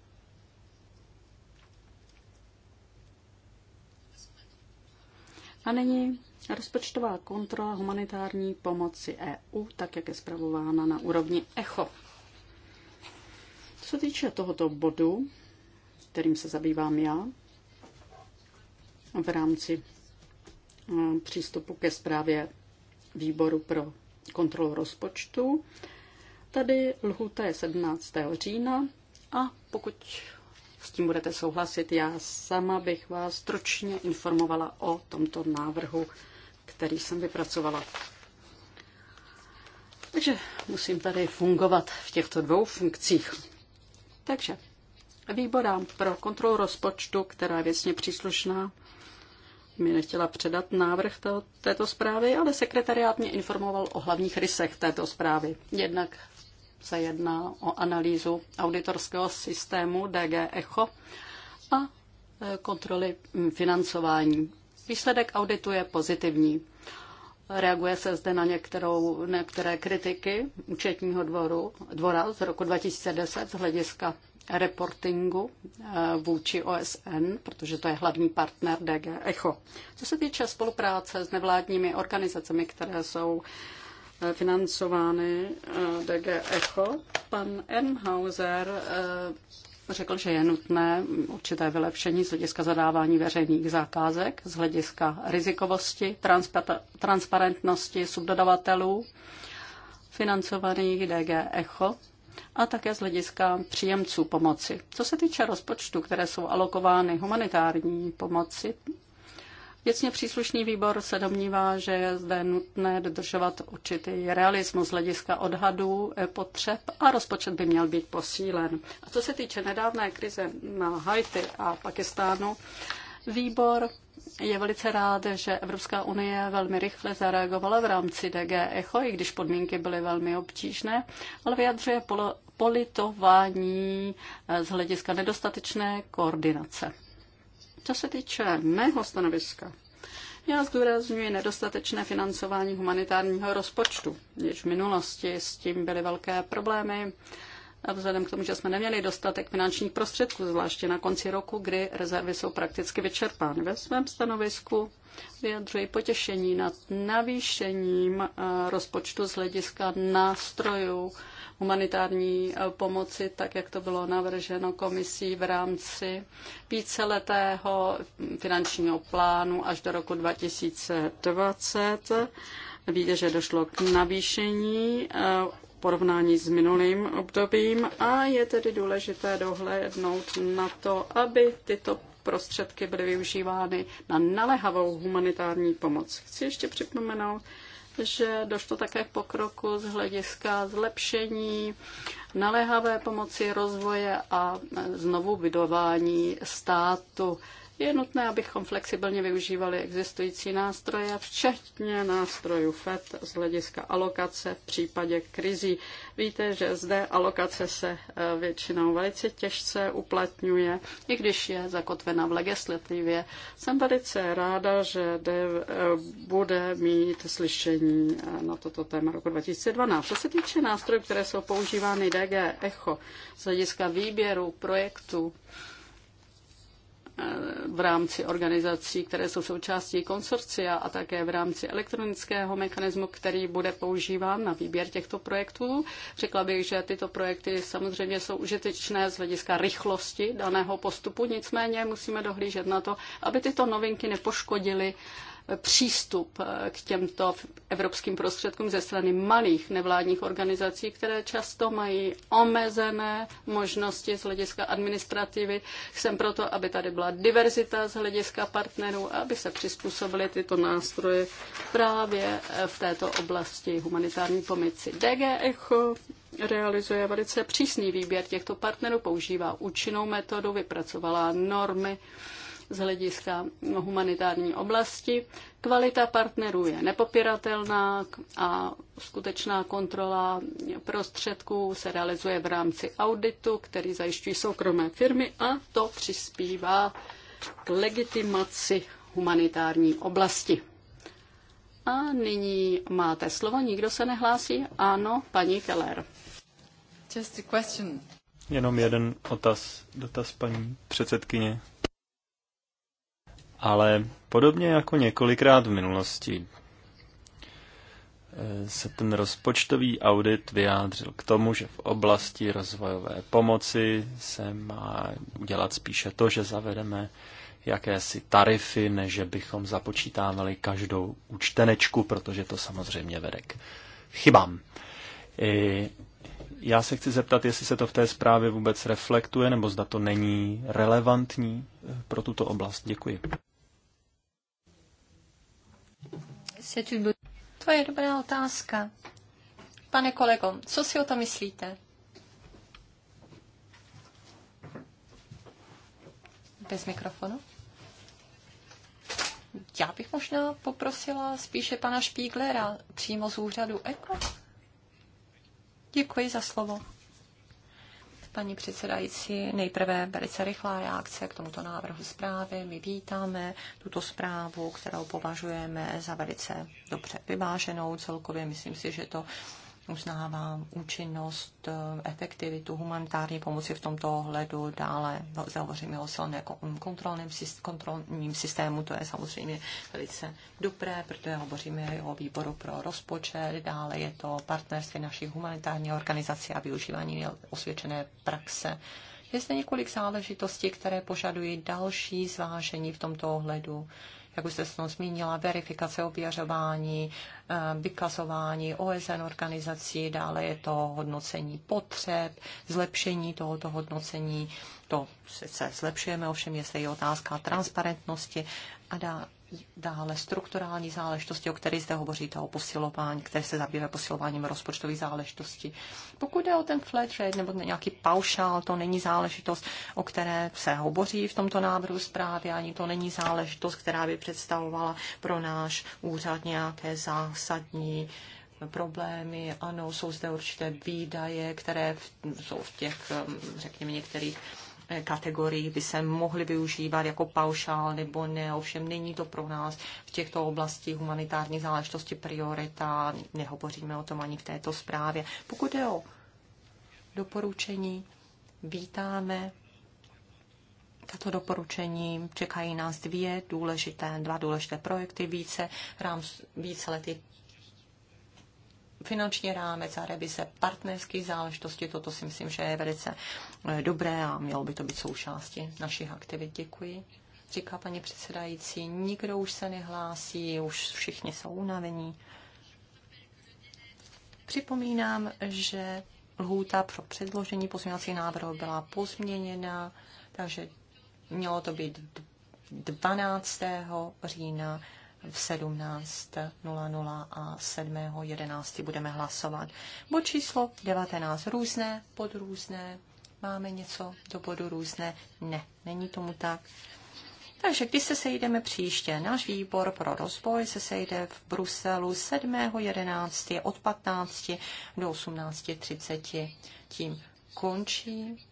A nyní rozpočtová kontrola humanitární pomoci EU, tak jak je zpravována na úrovni ECHO. Co se týče tohoto bodu, kterým se zabývám já, v rámci eh, přístupu ke zprávě výboru pro kontrolu rozpočtu. Tady lhuta je 17. října a pokud s tím budete souhlasit. Já sama bych vás stručně informovala o tomto návrhu, který jsem vypracovala. Takže musím tady fungovat v těchto dvou funkcích. Takže výborám pro kontrolu rozpočtu, která je věcně příslušná, mi nechtěla předat návrh to, této zprávy, ale sekretariát mě informoval o hlavních rysech této zprávy. Jednak se jedná o analýzu auditorského systému DG ECHO a e, kontroly financování. Výsledek auditu je pozitivní. Reaguje se zde na některou, některé kritiky účetního dvoru, dvora z roku 2010 z hlediska reportingu e, vůči OSN, protože to je hlavní partner DG ECHO. Co se týče spolupráce s nevládními organizacemi, které jsou Eh, financovány eh, DG Echo. Pan Enhauser eh, řekl, že je nutné určité vylepšení z hlediska zadávání veřejných zakázek, z hlediska rizikovosti, transparentnosti subdodavatelů financovaných DG Echo a také z hlediska příjemců pomoci. Co se týče rozpočtu, které jsou alokovány humanitární pomoci, Věcně příslušný výbor se domnívá, že je zde nutné dodržovat určitý realismus z hlediska odhadů eh, potřeb a rozpočet by měl být posílen. A co se týče nedávné krize na Haiti a Pakistánu, výbor je velice rád, že Evropská unie velmi rychle zareagovala v rámci DG ECHO, i když podmínky byly velmi obtížné, ale vyjadřuje politování eh, z hlediska nedostatečné koordinace. Co se týče mého stanoviska, já zdůraznuju nedostatečné financování humanitárního rozpočtu. když v minulosti s tím byly velké problémy, vzhledem k tomu, že jsme neměli dostatek finančních prostředků, zvláště na konci roku, kdy rezervy jsou prakticky vyčerpány. Ve svém stanovisku vyjadřuji potěšení nad navýšením eh, rozpočtu z hlediska nástrojů humanitární eh, pomoci, tak jak to bylo navrženo komisí v rámci víceletého finančního plánu až do roku 2020. Víte, že došlo k navýšení eh, porovnání s minulým obdobím a je tedy důležité dohlédnout na to, aby tyto prostředky byly využívány na nalehavou humanitární pomoc. Chci ještě připomenout, že došlo také k pokroku z hlediska zlepšení naléhavé pomoci rozvoje a znovu budování státu. Je nutné, abychom flexibilně využívali existující nástroje, včetně nástrojů FED z hlediska alokace v případě krizí. Víte, že zde alokace se eh, většinou velice těžce uplatňuje, i když je zakotvena v legislativě. Jsem velice ráda, že eh, bude mít slyšení eh, na toto téma roku 2012. Co se týče nástrojů, které jsou používány jde DG ECHO z hlediska výběru projektů eh, v rámci organizací, které jsou součástí konsorcia a také v rámci elektronického mechanismu, který bude používán na výběr těchto projektů. Řekla bych, že tyto projekty samozřejmě jsou užitečné z hlediska rychlosti daného postupu, nicméně musíme dohlížet na to, aby tyto novinky nepoškodily přístup eh, k těmto evropským prostředkům ze strany malých nevládních organizací, které často mají omezené možnosti z hlediska administrativy. Jsem proto, aby tady byla diverzita z hlediska partnerů a aby se přizpůsobily tyto nástroje právě eh, v této oblasti humanitární pomoci. DG Echo realizuje velice přísný výběr těchto partnerů, používá účinnou metodu, vypracovala normy, z hlediska humanitární oblasti. Kvalita partnerů je nepopiratelná a skutečná kontrola prostředků se realizuje v rámci auditu, který zajišťují soukromé firmy a to přispívá k legitimaci humanitární oblasti. A nyní máte slovo, nikdo se nehlásí? Ano, paní Keller. Just a question. Jenom jeden otaz, dotaz paní předsedkyně. Ale podobně jako několikrát v minulosti se ten rozpočtový audit vyjádřil k tomu, že v oblasti rozvojové pomoci se má udělat spíše to, že zavedeme jakési tarify, než že bychom započítávali každou účtenečku, protože to samozřejmě vede k chybám. I já se chci zeptat, jestli se to v té zprávě vůbec reflektuje, nebo zda to není relevantní pro tuto oblast. Děkuji. To je dobrá otázka. Pane kolego, co si o to myslíte? Bez mikrofonu. Já bych možná poprosila spíše pana Špíglera přímo z úřadu ECO. Děkuji za slovo paní předsedající. Nejprve velice rychlá reakce k tomuto návrhu zprávy. My vítáme tuto zprávu, kterou považujeme za velice dobře vyváženou celkově. Myslím si, že to uznává účinnost, eh, efektivitu humanitární pomoci v tomto ohledu. Dále no, zahovoříme o silné mm, kontrolním, kontrolním systému, to je samozřejmě velice dobré, protože hovoříme o výboru pro rozpočet, dále je to partnerství našich humanitárních organizací a využívání osvědčené praxe. Je zde několik záležitostí, které požadují další zvážení v tomto ohledu jak už jste se zmínila, verifikace ověřování, eh, vykazování OSN organizací, dále je to hodnocení potřeb, zlepšení tohoto hodnocení, to sice zlepšujeme, ovšem je se i otázka transparentnosti a dá, dále strukturální záležitosti, o kterých zde hovoříte, o posilování, které se zabývá posilováním rozpočtových záležitostí. Pokud jde o ten flat rate nebo nějaký paušál, to není záležitost, o které se hovoří v tomto návrhu zprávy, ani to není záležitost, která by představovala pro náš úřad nějaké zásadní problémy. Ano, jsou zde určité výdaje, které jsou v těch, um, řekněme, některých Eh, kategorií by se mohly využívat jako paušál nebo ne. Ovšem není to pro nás v těchto oblasti humanitární záležitosti priorita, nehovoříme o tom ani v této zprávě. Pokud je o doporučení, vítáme tato doporučení čekají nás dvě důležité, dva důležité projekty, více, rám, lety finanční rámec a revize partnerských záležitostí. Toto si myslím, že je velice eh, dobré a mělo by to být součástí našich aktivit. Děkuji. Říká paní předsedající, nikdo už se nehlásí, už všichni jsou unavení. Připomínám, že lhůta pro předložení pozměňovacích návrhů byla pozměněna, takže mělo to být 12. října v 17.00 a 7.11. budeme hlasovat. Bod číslo 19. Různé, pod různé. Máme něco do bodu různé? Ne, není tomu tak. Takže když se sejdeme příště, náš výbor pro rozvoj se sejde v Bruselu 7.11. od 15 do 18.30. Tím končí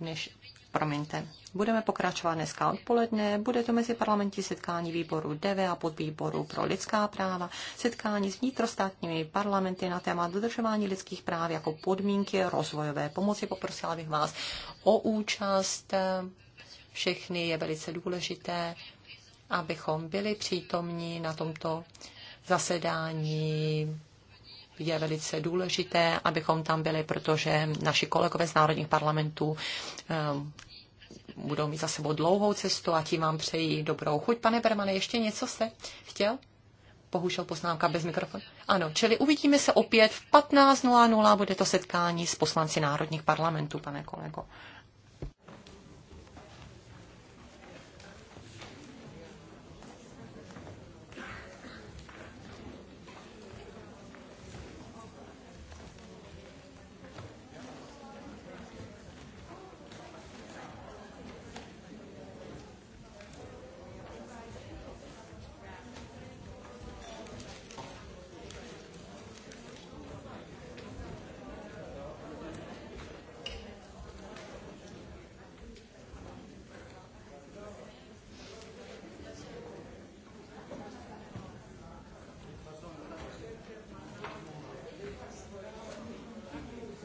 dneš, promiňte. Budeme pokračovat dneska odpoledne. Bude to mezi parlamentní setkání výboru DV a podvýboru pro lidská práva, setkání s vnitrostátními parlamenty na téma dodržování lidských práv jako podmínky rozvojové pomoci. Poprosila bych vás o účast. Všechny je velice důležité, abychom byli přítomní na tomto zasedání je velice důležité, abychom tam byli, protože naši kolegové z národních parlamentů ehm, budou mít za sebou dlouhou cestu a tím vám přeji dobrou chuť. Pane Bermane, ještě něco jste chtěl? Bohužel poznámka bez mikrofonu. Ano, čili uvidíme se opět v 15.00, bude to setkání s poslanci národních parlamentů, pane kolego.